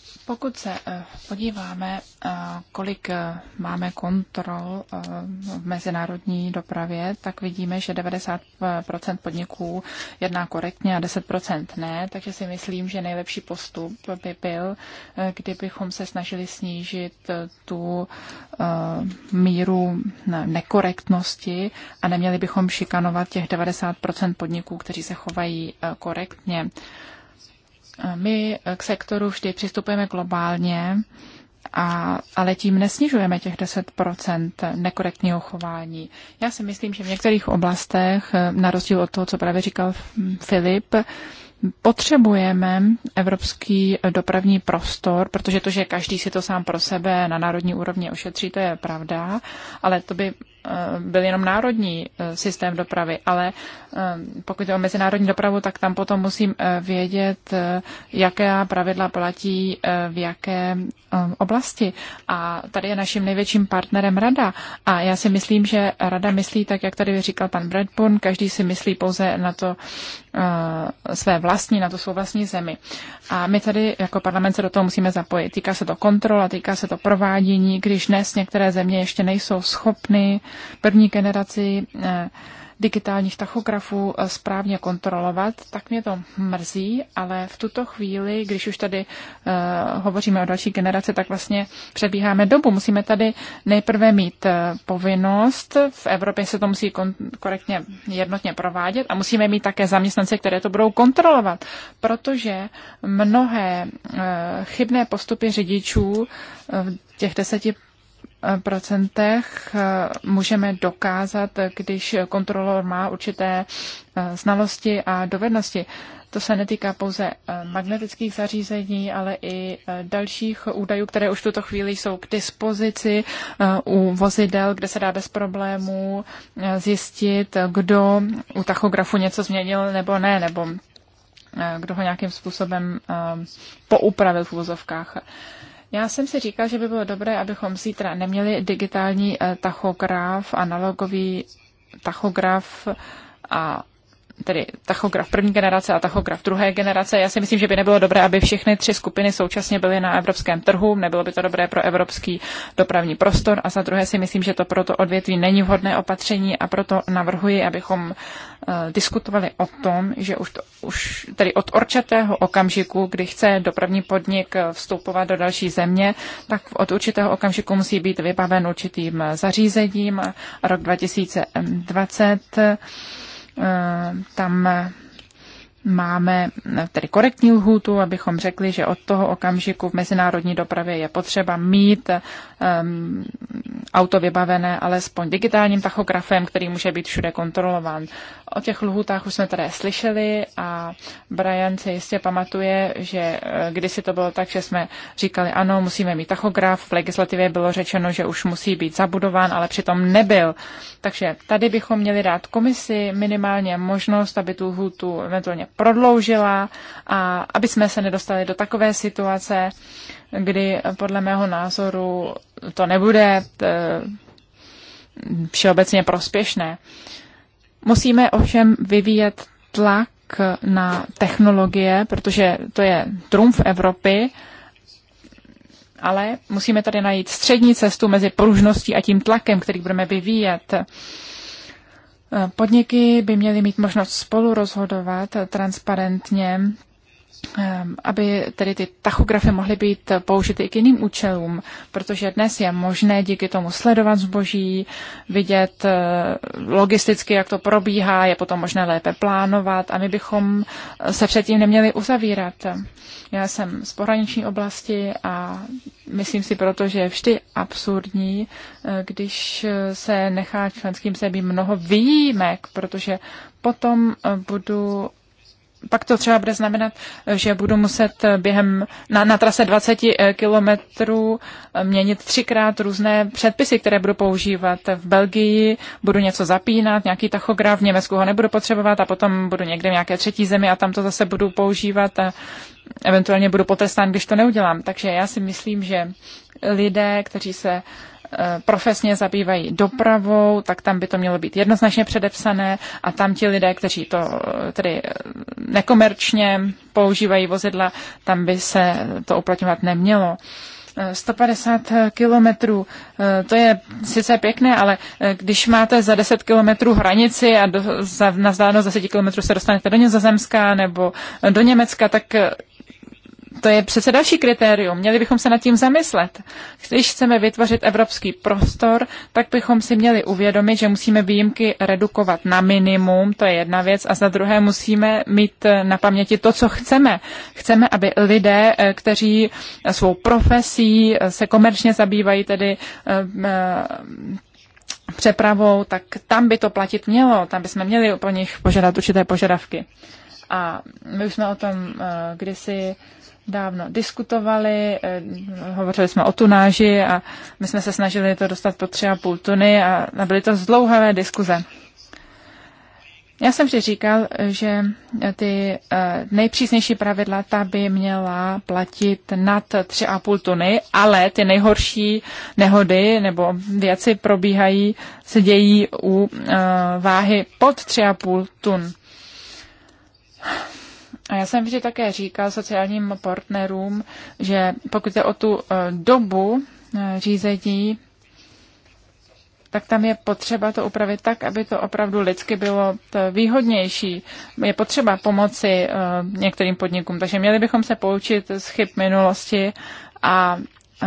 Pokud se eh, podíváme, eh, kolik eh, máme kontrol v mezinárodní dopravě, tak vidíme, že 90 podniků jedná korektně a 10 ne, takže si myslím, že nejlepší postup by byl, kdybychom se snažili snížit tu míru nekorektnosti a neměli bychom šikanovat těch 90 podniků, kteří se chovají korektně. My k sektoru vždy přistupujeme globálně, a, ale tím nesnižujeme těch 10% nekorektního chování. Já si myslím, že v některých oblastech, na rozdíl od toho, co právě říkal Filip, potřebujeme evropský dopravní prostor, protože to, že každý si to sám pro sebe na národní úrovni ošetří, to je pravda, ale to by Eh, byl jenom národní eh, systém dopravy, ale eh, pokud je o mezinárodní dopravu, tak tam potom musím vědět, jaké pravidla platí v jaké oblasti. A tady je naším největším partnerem Rada. A já si myslím, že Rada myslí, tak jak tady říkal pan Bradburn, každý si myslí pouze na to své vlastní, na to svou vlastní zemi. A my tady jako parlament se do toho musíme zapojit. Týká se to kontrola, týká se to provádění, když dnes některé země ještě nejsou schopny první generaci eh, digitálních tachografů eh, správně kontrolovat, tak mě to mrzí, ale v tuto chvíli, když už tady uh, hovoříme o další generaci, tak vlastně přebíháme dobu. Musíme tady nejprve mít povinnost, v Evropě se to musí korektně jednotně provádět a musíme mít také zaměstnance, které to budou kontrolovat, protože mnohé uh, chybné postupy řidičů v těch deseti procentech eh, můžeme dokázat, když kontrolor má určité eh, znalosti a dovednosti. To se netýká pouze eh, magnetických zařízení, ale i dalších údajů, které už v tuto chvíli jsou k dispozici u vozidel, kde se dá bez problémů zjistit, kdo u tachografu něco změnil nebo ne, nebo kdo ho nějakým způsobem poupravil v vozovkách. Já jsem si říkal, že by bylo dobré, abychom zítra neměli digitální eh, tachograf, analogový tachograf a tedy tachograf první generace a tachograf druhé generace. Já si myslím, že by nebylo dobré, aby všechny tři skupiny současně byly na evropském trhu, nebylo by to dobré pro evropský dopravní prostor a za druhé si myslím, že to proto odvětví není vhodné opatření a proto navrhuji, abychom eh, diskutovali o tom, že už, to, už tedy od určitého okamžiku, kdy chce dopravní podnik eh, vstupovat do další země, tak od určitého okamžiku musí být vybaven určitým eh, zařízením. Rok 2020 Eh, tam máme tedy korektní lhůtu, abychom řekli, že od toho okamžiku v mezinárodní dopravě je potřeba mít um, auto vybavené alespoň digitálním tachografem, který může být všude kontrolován. O těch lhůtách už jsme tady slyšeli a Brian se jistě pamatuje, že eh, kdysi to bylo tak, že jsme říkali, ano, musíme mít tachograf, v legislativě bylo řečeno, že už musí být zabudován, ale přitom nebyl. Takže tady bychom měli dát komisi minimálně možnost, aby tu lhůtu eventuálně prodloužila a aby jsme se nedostali do takové situace, kdy podle mého názoru to nebude eh, všeobecně prospěšné. Musíme ovšem vyvíjet tlak na technologie, protože to je trumf Evropy, ale musíme tady najít střední cestu mezi pružností a tím tlakem, který budeme vyvíjet. Podniky by měly mít možnost spolu rozhodovat transparentně Ehm, aby tedy ty tachografy mohly být použity i k jiným účelům, protože dnes je možné díky tomu sledovat zboží, vidět eh, logisticky, jak to probíhá, je potom možné lépe plánovat a my bychom eh, se předtím neměli uzavírat. Já jsem z pohraniční oblasti a myslím si proto, že je vždy absurdní, eh, když se nechá členským sebím mnoho výjimek, protože potom budu pak to třeba bude znamenat, že budu muset eh, během na, na trase 20 eh, kilometrů eh, měnit třikrát různé předpisy, které budu používat. V Belgii budu něco zapínat, nějaký tachograf, v Německu ho nebudu potřebovat a potom budu někde v nějaké třetí zemi a tam to zase budu používat a eventuálně budu potrestán, když to neudělám. Takže já si myslím, že lidé, kteří se Eh, profesně zabývají dopravou, tak tam by to mělo být jednoznačně předepsané a tam ti lidé, kteří to eh, tedy eh, nekomerčně používají vozidla, tam by se to uplatňovat nemělo. 150 kilometrů, to je sice pěkné, ale když máte za 10 kilometrů hranici a do, za, na za 10 kilometrů se dostanete do Nězozemska nebo do Německa, tak to je přece další kritérium. Měli bychom se nad tím zamyslet. Když chceme vytvořit evropský prostor, tak bychom si měli uvědomit, že musíme výjimky redukovat na minimum, to je jedna věc, a za druhé musíme mít na paměti to, co chceme. Chceme, aby lidé, eh, kteří svou profesí eh, se komerčně zabývají, tedy eh, přepravou, tak tam by to platit mělo, tam bychom měli po nich požadat určité požadavky. A my už jsme o tom kdysi dávno diskutovali, eh, hovořili jsme o tunáži a my jsme se snažili to dostat po tři a půl tuny a byly to zdlouhavé diskuze. Já jsem vždy říkal, že ty eh, nejpřísnější pravidla ta by měla platit nad 3,5 tuny, ale ty nejhorší nehody nebo věci probíhají, se dějí u eh, váhy pod 3,5 tun. A já jsem vždy také říkal sociálním partnerům, že pokud je o tu eh, dobu eh, řízení, tak tam je potřeba to upravit tak, aby to opravdu lidsky bylo eh, výhodnější. Je potřeba pomoci některým podnikům, takže měli bychom se poučit z chyb minulosti a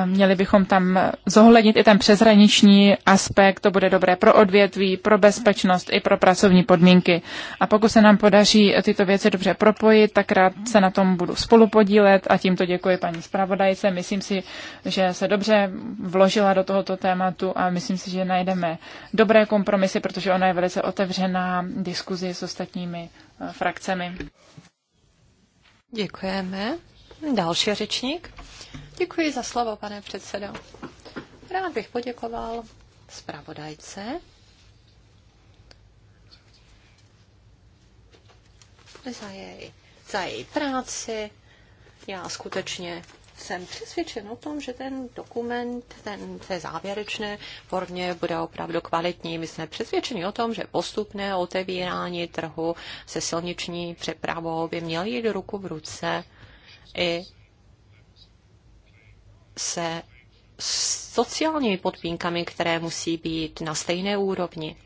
Měli bychom tam zohlednit i ten přeshraniční aspekt, to bude dobré pro odvětví, pro bezpečnost i pro pracovní podmínky. A pokud se nám podaří tyto věci dobře propojit, tak rád se na tom budu spolupodílet a tímto děkuji paní zpravodajce. Myslím si, že se dobře vložila do tohoto tématu a myslím si, že najdeme dobré kompromisy, protože ona je velice otevřená diskuzi s ostatními eh, frakcemi. Děkujeme. Další řečník. Děkuji za slovo, pane předsedo. Rád bych poděkoval zpravodajce za její, za její práci. Já skutečně jsem přesvědčen o tom, že ten dokument, ten té závěrečné formě bude opravdu kvalitní. My jsme přesvědčeni o tom, že postupné otevírání trhu se silniční přepravou by mělo jít ruku v ruce i se sociálními podmínkami, které musí být na stejné úrovni.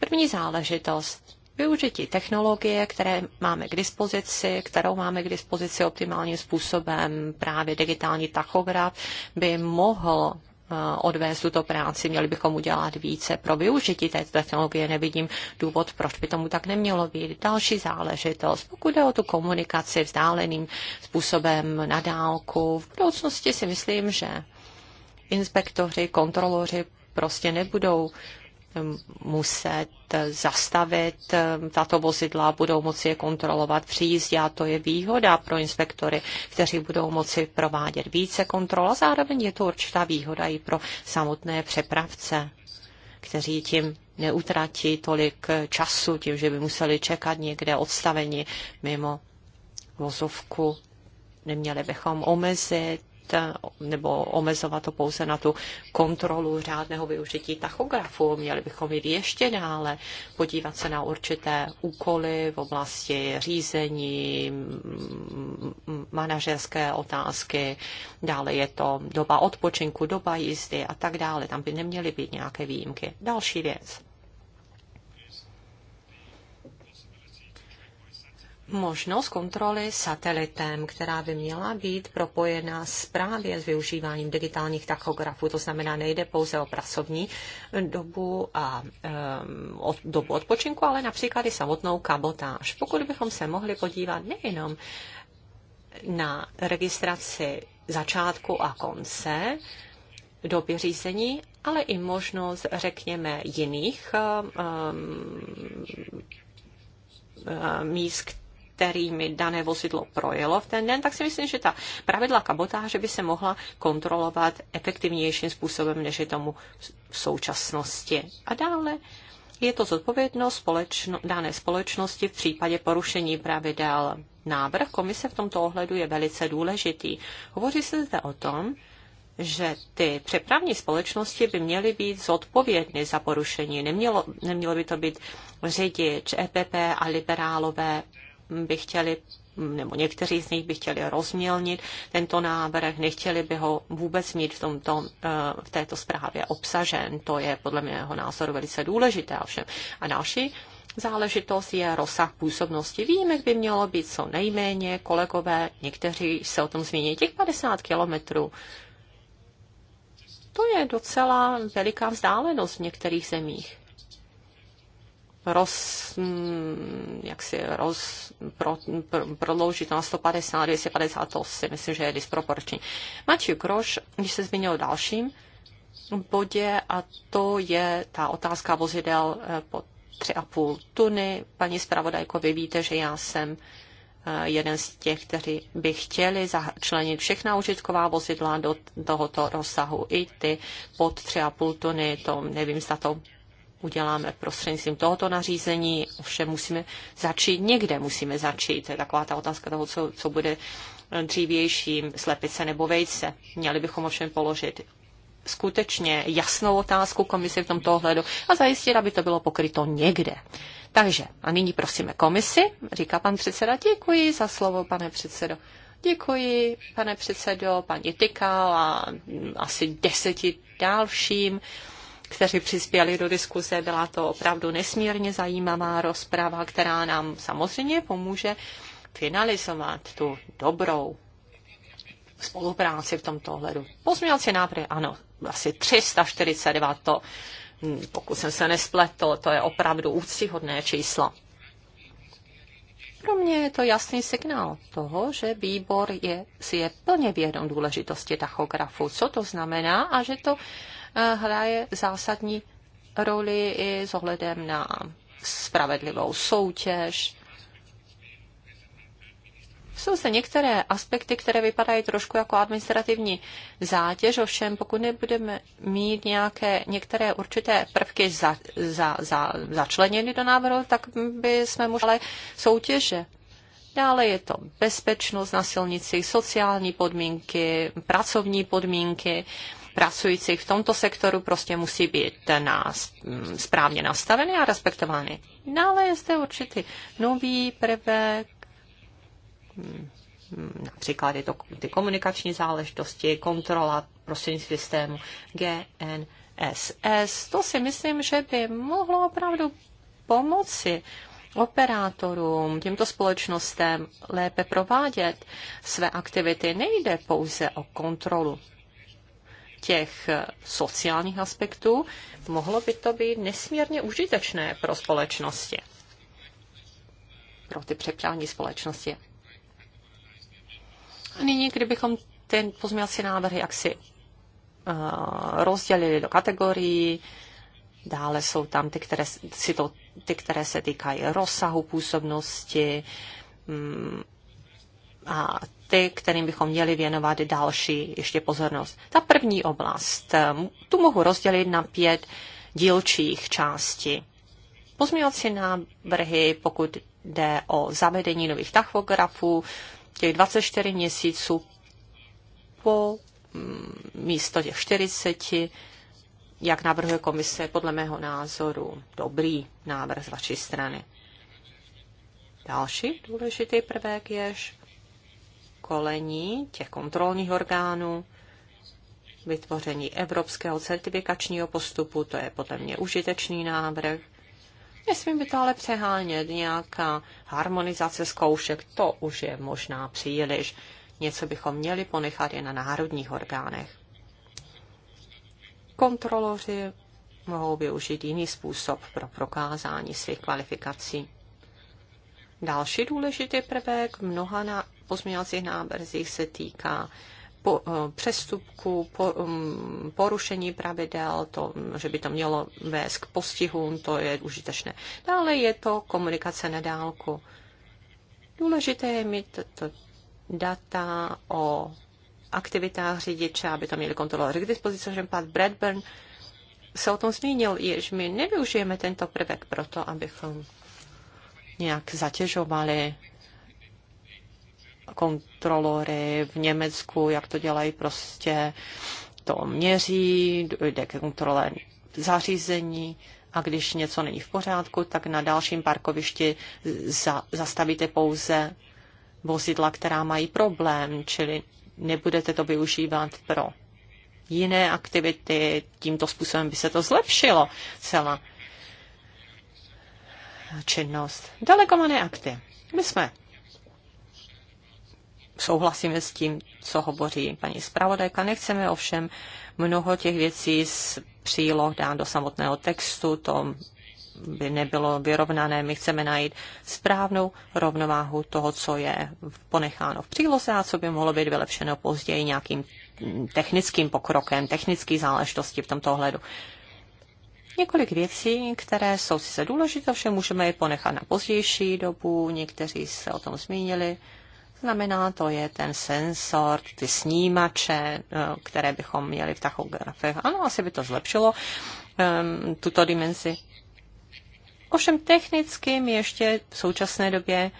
První záležitost využití technologie, které máme k dispozici, kterou máme k dispozici optimálním způsobem, právě digitální tachograf, by mohl Eh, odvést tuto práci, měli bychom udělat více pro využití této technologie. Nevidím důvod, proč by tomu tak nemělo být. Další záležitost, pokud jde o tu komunikaci vzdáleným způsobem na dálku, v budoucnosti si myslím, že inspektoři, kontroloři prostě nebudou muset zastavit eh, tato vozidla, budou moci je kontrolovat při jízdě a to je výhoda pro inspektory, kteří budou moci provádět více kontrol a zároveň je to určitá výhoda i pro samotné přepravce, kteří tím neutratí tolik eh, času tím, že by museli čekat někde odstavení mimo vozovku. Neměli bychom omezit Eh, nebo omezovat to pouze na tu kontrolu řádného využití tachografu. Měli bychom jít ještě dále, podívat se na určité úkoly v oblasti řízení, manažerské otázky, dále je to doba odpočinku, doba jízdy a tak dále. Tam by neměly být nějaké výjimky. Další věc. možnost kontroly satelitem, která by měla být propojena s právě s využíváním digitálních tachografů. To znamená, nejde pouze o pracovní dobu a um, od, dobu odpočinku, ale například i samotnou kabotáž. Pokud bychom se mohli podívat nejenom na registraci začátku a konce doby řízení, ale i možnost, řekněme, jiných um, míst, kterými dané vozidlo projelo v ten den, tak si myslím, že ta pravidla kabotáže by se mohla kontrolovat efektivnějším způsobem, než je tomu v současnosti. A dále je to zodpovědnost společno, dané společnosti v případě porušení pravidel. Návrh komise v tomto ohledu je velice důležitý. Hovoří se zde o tom, že ty přepravní společnosti by měly být zodpovědny za porušení. Nemělo, nemělo by to být řidič, EPP a liberálové by chtěli nebo někteří z nich by chtěli rozmělnit tento návrh, nechtěli by ho vůbec mít v, tomto, eh, v této zprávě obsažen. To je podle mého názoru velice důležité ovšem. A další záležitost je rozsah působnosti. Víme, by mělo být co nejméně, kolegové, někteří se o tom zmíní, těch 50 kilometrů. To je docela veliká vzdálenost v některých zemích roz, mm, jak si roz, pro, pro, prodloužit na 150, 250, to si myslím, že je disproporční. Matěj kroš, když se zmínil dalším bodě, a to je ta otázka vozidel eh, po 3,5 tuny. Paní zpravodajko, vy víte, že já jsem eh, jeden z těch, kteří by chtěli začlenit všechna užitková vozidla do tohoto rozsahu. I ty pod 3,5 tuny, to nevím, zda to uděláme prostřednictvím tohoto nařízení, ovšem musíme začít někde, musíme začít. je taková ta otázka toho, co, co bude dřívějším, slepice nebo vejce. Měli bychom ovšem položit skutečně jasnou otázku komisi v tomto ohledu a zajistit, aby to bylo pokryto někde. Takže a nyní prosíme komisi, říká pan předseda, děkuji za slovo, pane předsedo. Děkuji, pane předsedo, paní Tykal a asi deseti dalším kteří přispěli do diskuze. Byla to opravdu nesmírně zajímavá rozprava, která nám samozřejmě pomůže finalizovat tu dobrou spolupráci v tomto ohledu. Pozměňovací návrhy, ano, asi 349 to, hm, pokud jsem se nespletl, to je opravdu úctyhodné číslo. Pro mě je to jasný signál toho, že výbor je, si je plně vědom důležitosti tachografu, co to znamená a že to Eh, hraje zásadní roli i s ohledem na spravedlivou soutěž. Jsou se některé aspekty, které vypadají trošku jako administrativní zátěž, ovšem pokud nebudeme mít nějaké, některé určité prvky za, za, za, začleněny do návrhu, tak by jsme možná soutěže. Dále je to bezpečnost na silnici, sociální podmínky, pracovní podmínky pracujících v tomto sektoru prostě musí být na, mm, správně nastaveny a respektovány. No ale je zde určitý nový prvek, mm, mm, například je to ty komunikační záležitosti, kontrola prostřednictvím systému GNSS. To si myslím, že by mohlo opravdu pomoci operátorům, těmto společnostem lépe provádět své aktivity. Nejde pouze o kontrolu těch sociálních aspektů, mohlo by to být nesmírně užitečné pro společnosti, pro ty přepřání společnosti. A nyní, kdybychom ten pozměňovací návrh jaksi uh, rozdělili do kategorií, dále jsou tam ty, které, si to, ty, které se týkají rozsahu působnosti, mm, a ty, kterým bychom měli věnovat další ještě pozornost. Ta první oblast, eh, tu mohu rozdělit na pět dílčích částí. Pozměňovací návrhy, pokud jde o zavedení nových tachografů, těch 24 měsíců po mm, místo těch 40, jak navrhuje komise, podle mého názoru dobrý návrh z vaší strany. Další důležitý prvek jež školení těch kontrolních orgánů, vytvoření evropského certifikačního postupu, to je podle mě užitečný návrh. Nesmím by to ale přehánět, nějaká harmonizace zkoušek, to už je možná příliš. Něco bychom měli ponechat i na národních orgánech. Kontroloři mohou využít jiný způsob pro prokázání svých kvalifikací. Další důležitý prvek mnoha na pozměňovacích návrzích se týká po, eh, přestupku, po, mm, porušení pravidel, to, mm, že by to mělo vést k postihům, to je užitečné. Dále je to komunikace na dálku. Důležité je mít to data o aktivitách řidiče, aby to měli kontrolovat. K dispozici že pan Bradburn se o tom zmínil, jež my nevyužijeme tento prvek proto, abychom nějak zatěžovali kontrolory v Německu, jak to dělají prostě, to měří, jde ke kontrole zařízení a když něco není v pořádku, tak na dalším parkovišti za, zastavíte pouze vozidla, která mají problém, čili nebudete to využívat pro jiné aktivity, tímto způsobem by se to zlepšilo celá činnost. Delegované akty. My jsme souhlasíme s tím, co hovoří paní zpravodajka. Nechceme ovšem mnoho těch věcí z příloh dát do samotného textu, to by nebylo vyrovnané. My chceme najít správnou rovnováhu toho, co je ponecháno v příloze a co by mohlo být vylepšeno později nějakým technickým pokrokem, technický záležitosti v tomto ohledu. Několik věcí, které jsou sice důležité, ovšem můžeme je ponechat na pozdější dobu, někteří se o tom zmínili znamená, to je ten sensor, ty snímače, eh, které bychom měli v tachografech. Ano, asi by to zlepšilo um, tuto dimenzi. Ovšem technicky my ještě v současné době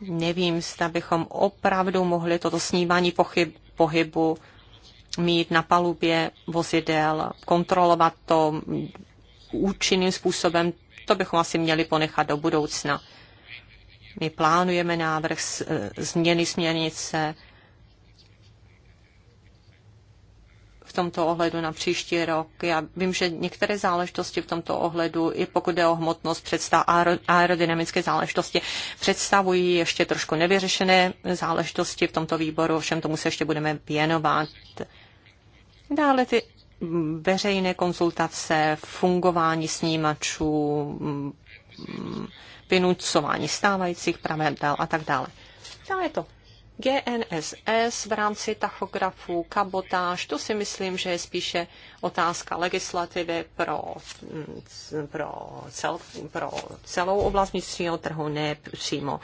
nevím, zda bychom opravdu mohli toto snímání pochyb, pohybu mít na palubě vozidel, kontrolovat to účinným způsobem, to bychom asi měli ponechat do budoucna. My plánujeme návrh eh, změny směrnice v tomto ohledu na příští rok. Já vím, že některé záležitosti v tomto ohledu, i pokud jde o hmotnost, představ, aerodynamické záležitosti, představují ještě trošku nevyřešené záležitosti v tomto výboru, všem tomu se ještě budeme věnovat. Dále ty veřejné konzultace, fungování snímačů, vynucování stávajících pravidel a tak dále. Dále je to GNSS v rámci tachografu, kabotáž, to si myslím, že je spíše otázka legislativy pro, mm, pro, cel, pro celou oblast vnitřního trhu, ne přímo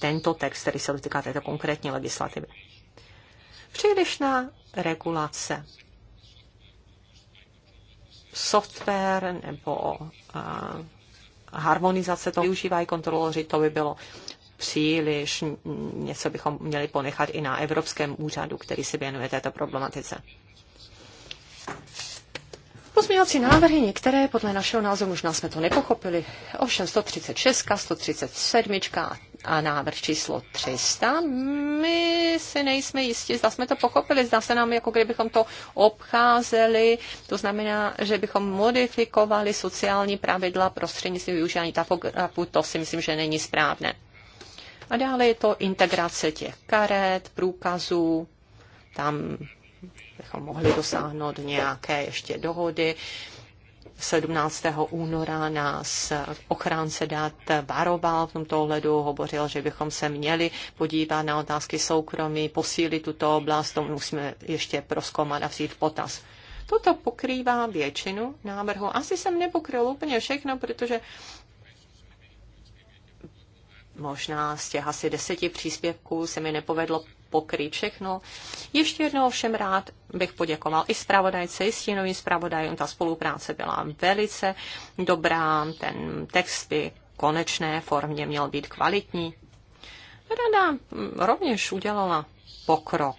tento text, který se dotýká této konkrétní legislativy. Přílišná regulace. Software nebo uh, harmonizace to využívají kontroloři, to by bylo příliš, něco bychom měli ponechat i na Evropském úřadu, který se věnuje této problematice. Pozměňovací návrhy některé podle našeho názoru možná jsme to nepochopili. Ovšem 136, 137 a návrh číslo 300. My si nejsme jistí, zda jsme to pochopili, zda se nám, jako kdybychom to obcházeli, to znamená, že bychom modifikovali sociální pravidla prostřednictvím využívání tafografu, to si myslím, že není správné. A dále je to integrace těch karet, průkazů, tam bychom mohli dosáhnout nějaké ještě dohody. Uh, 17. února nás ochránce dat varoval v tomto ohledu, hovořil, že bychom se měli podívat na otázky soukromí, posílit tuto oblast, to musíme ještě proskoumat a vzít potaz. Toto pokrývá většinu návrhu. Asi jsem nepokryl úplně všechno, protože možná z těch asi deseti příspěvků se mi nepovedlo pokryt všechno. Ještě jednou všem rád bych poděkoval i zpravodajce, i stínovým zpravodajům. Ta spolupráce byla velice dobrá, ten text by konečné formě měl být kvalitní. Rada rovněž udělala pokrok.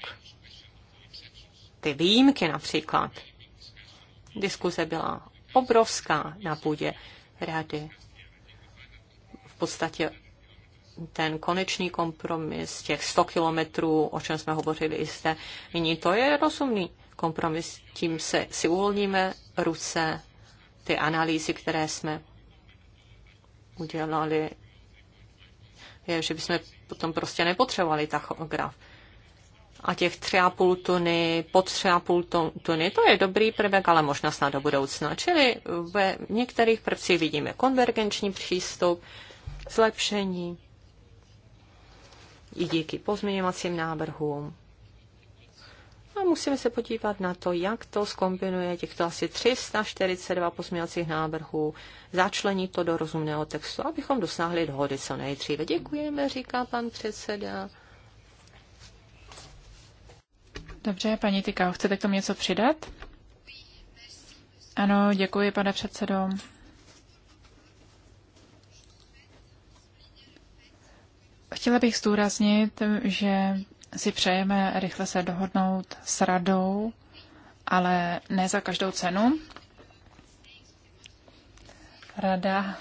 Ty výjimky například. Diskuze byla obrovská na půdě rady. V podstatě ten konečný kompromis těch 100 kilometrů, o čem jsme hovořili i zde, nyní to je rozumný kompromis. Tím se, si uvolníme ruce, ty analýzy, které jsme udělali, je, že bychom potom prostě nepotřebovali tachograf. A těch tři a půl tuny, pod tři a půl tuny, to je dobrý prvek, ale možná snad do budoucna. Čili ve některých prvcích vidíme konvergenční přístup, zlepšení, i díky pozměňovacím návrhům. A musíme se podívat na to, jak to skombinuje těchto asi 342 pozměňovacích návrhů, Začlení to do rozumného textu, abychom dosáhli dohody co nejdříve. Děkujeme, říká pan předseda. Dobře, paní Tykau, chcete k tomu něco přidat? Ano, děkuji, pane předsedo. Chtěla bych zdůraznit, že si přejeme rychle se dohodnout s radou, ale ne za každou cenu. Rada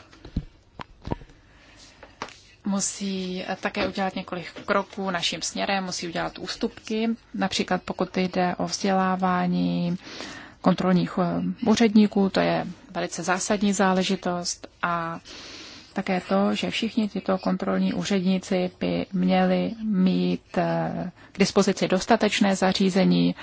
musí také udělat několik kroků naším směrem, musí udělat ústupky, například pokud jde o vzdělávání kontrolních eh, úředníků, to je velice zásadní záležitost a také to, že všichni tyto kontrolní úředníci by měli mít eh, k dispozici dostatečné zařízení,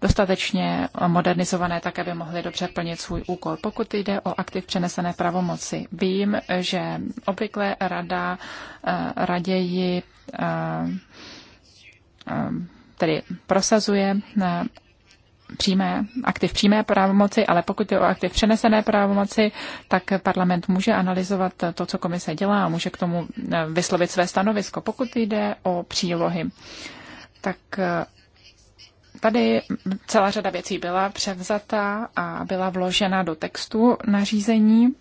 dostatečně modernizované, tak aby mohli dobře plnit svůj úkol. Pokud jde o aktiv přenesené pravomoci, vím, že obvykle rada eh, raději eh, tedy prosazuje přímé, aktiv přímé právomoci, ale pokud je o aktiv přenesené právomoci, tak parlament může analyzovat to, co komise dělá a může k tomu eh, vyslovit své stanovisko. Pokud jde o přílohy, tak eh, tady celá řada věcí byla převzata a byla vložena do textu nařízení.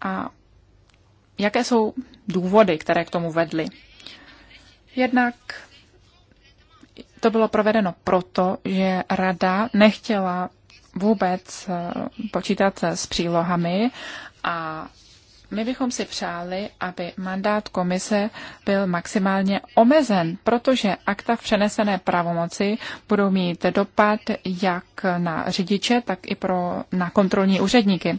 A jaké jsou důvody, které k tomu vedly? Jednak to bylo provedeno proto, že rada nechtěla vůbec eh, počítat s přílohami a my bychom si přáli, aby mandát komise byl maximálně omezen, protože akta v přenesené pravomoci budou mít dopad jak na řidiče, tak i pro, na kontrolní úředníky.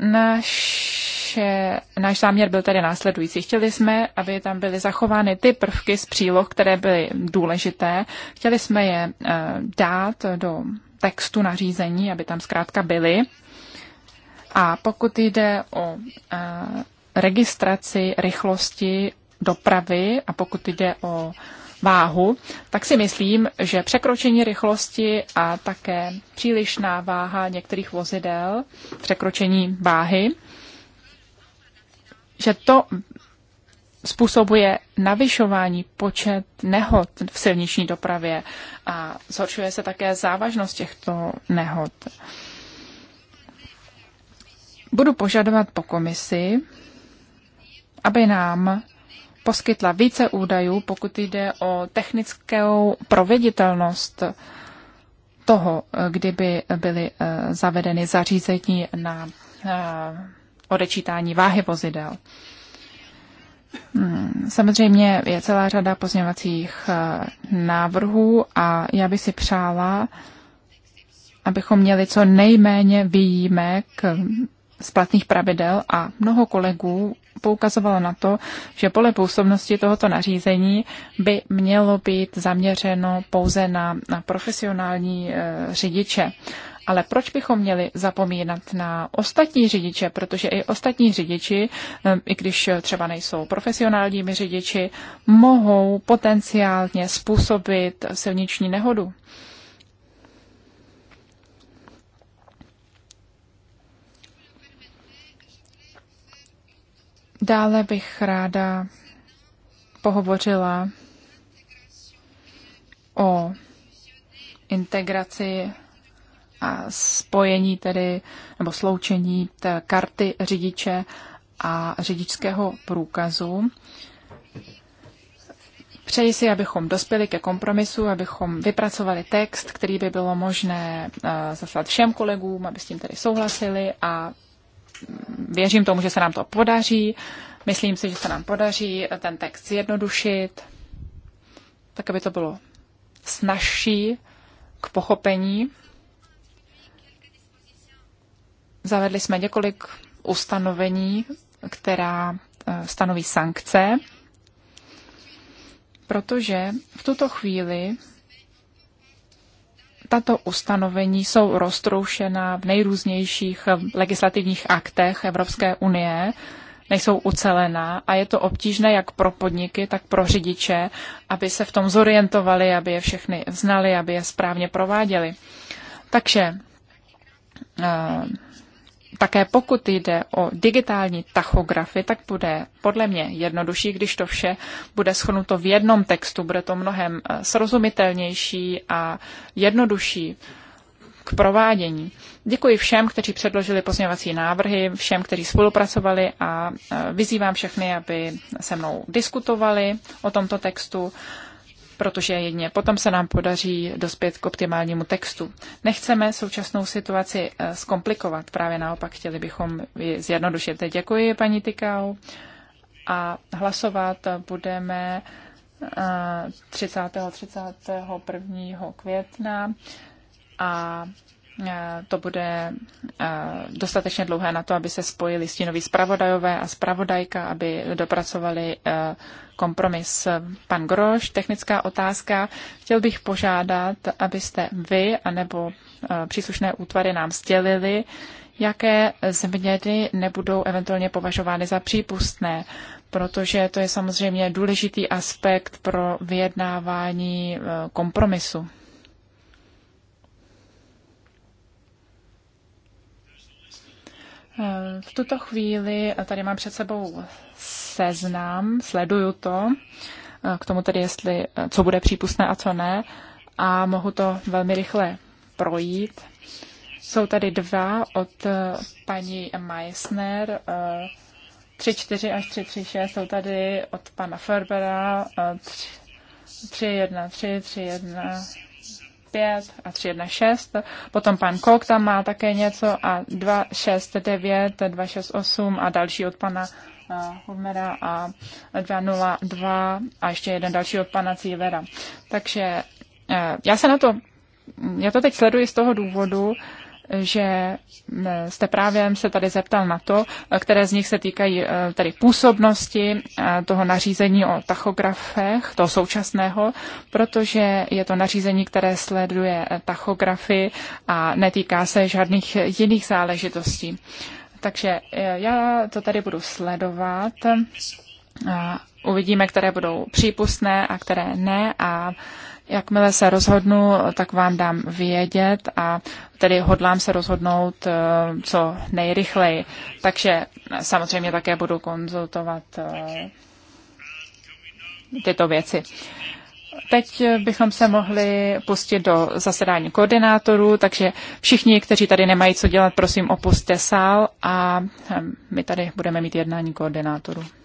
Naše, náš záměr byl tedy následující. Chtěli jsme, aby tam byly zachovány ty prvky z příloh, které byly důležité. Chtěli jsme je eh, dát do textu nařízení, aby tam zkrátka byly. A pokud jde o eh, registraci rychlosti dopravy a pokud jde o váhu, tak si myslím, že překročení rychlosti a také přílišná váha některých vozidel, překročení váhy, že to způsobuje navyšování počet nehod v silniční dopravě a zhoršuje se také závažnost těchto nehod. Budu požadovat po komisi, aby nám poskytla více údajů, pokud jde o technickou proveditelnost toho, kdyby byly eh, zavedeny zařízení na eh, odečítání váhy vozidel. Hmm, samozřejmě je celá řada pozměvacích eh, návrhů a já bych si přála, abychom měli co nejméně výjimek z platných pravidel a mnoho kolegů poukazovalo na to, že pole působnosti tohoto nařízení by mělo být zaměřeno pouze na, na profesionální e, řidiče. Ale proč bychom měli zapomínat na ostatní řidiče? Protože i ostatní řidiči, e, i když třeba nejsou profesionálními řidiči, mohou potenciálně způsobit silniční nehodu. Dále bych ráda pohovořila o integraci a spojení tedy, nebo sloučení té karty řidiče a řidičského průkazu. Přeji si, abychom dospěli ke kompromisu, abychom vypracovali text, který by bylo možné eh, zaslat všem kolegům, aby s tím tedy souhlasili a věřím tomu, že se nám to podaří. Myslím si, že se nám podaří ten text zjednodušit, tak aby to bylo snažší k pochopení. Zavedli jsme několik ustanovení, která e, stanoví sankce, protože v tuto chvíli tato ustanovení jsou roztroušena v nejrůznějších legislativních aktech Evropské unie, nejsou ucelená a je to obtížné jak pro podniky, tak pro řidiče, aby se v tom zorientovali, aby je všechny znali, aby je správně prováděli. Takže eh, také pokud jde o digitální tachografy, tak bude podle mě jednodušší, když to vše bude schnuto v jednom textu. Bude to mnohem eh, srozumitelnější a jednodušší k provádění. Děkuji všem, kteří předložili pozměňovací návrhy, všem, kteří spolupracovali a eh, vyzývám všechny, aby se mnou diskutovali o tomto textu protože jedině potom se nám podaří dospět k optimálnímu textu. Nechceme současnou situaci eh, zkomplikovat, právě naopak chtěli bychom ji zjednodušit. Děkuji, paní Tykau, a hlasovat budeme 30. Eh, 31. května a eh, to bude dostatečně dlouhé na to, aby se spojili stínoví zpravodajové a zpravodajka, aby dopracovali kompromis. Pan Groš, technická otázka. Chtěl bych požádat, abyste vy anebo eh, příslušné útvary nám sdělili, jaké změny nebudou eventuálně považovány za přípustné, protože to je samozřejmě důležitý aspekt pro vyjednávání eh, kompromisu. Eh, v tuto chvíli tady mám před sebou seznam, sleduju to, eh, k tomu tedy, jestli, eh, co bude přípustné a co ne, a mohu to velmi rychle projít. Jsou tady dva od eh, paní Meissner, 34 až 336, jsou tady od pana Ferbera, 313, 1 5 a 316. Potom pan Kok tam má také něco a 269, 268 a další od pana Homera a 202 a ještě jeden další od pana Cívera. Takže eh, já se na to, já to teď sleduji z toho důvodu, že eh, jste právě se tady zeptal na to, které z nich se týkají eh, tady působnosti toho nařízení o tachografech, toho současného, protože je to nařízení, které sleduje tachografy a netýká se žádných jiných záležitostí. Takže eh, já to tady budu sledovat. Uvidíme, které budou přípustné a které ne a jakmile se rozhodnu, tak vám dám vědět a tedy hodlám se rozhodnout eh, co nejrychleji. Takže eh, samozřejmě také budu konzultovat tyto věci. Teď bychom se mohli pustit do zasedání koordinátorů, takže všichni, kteří tady nemají co dělat, prosím opuste sál a hm, my tady budeme mít jednání koordinátorů.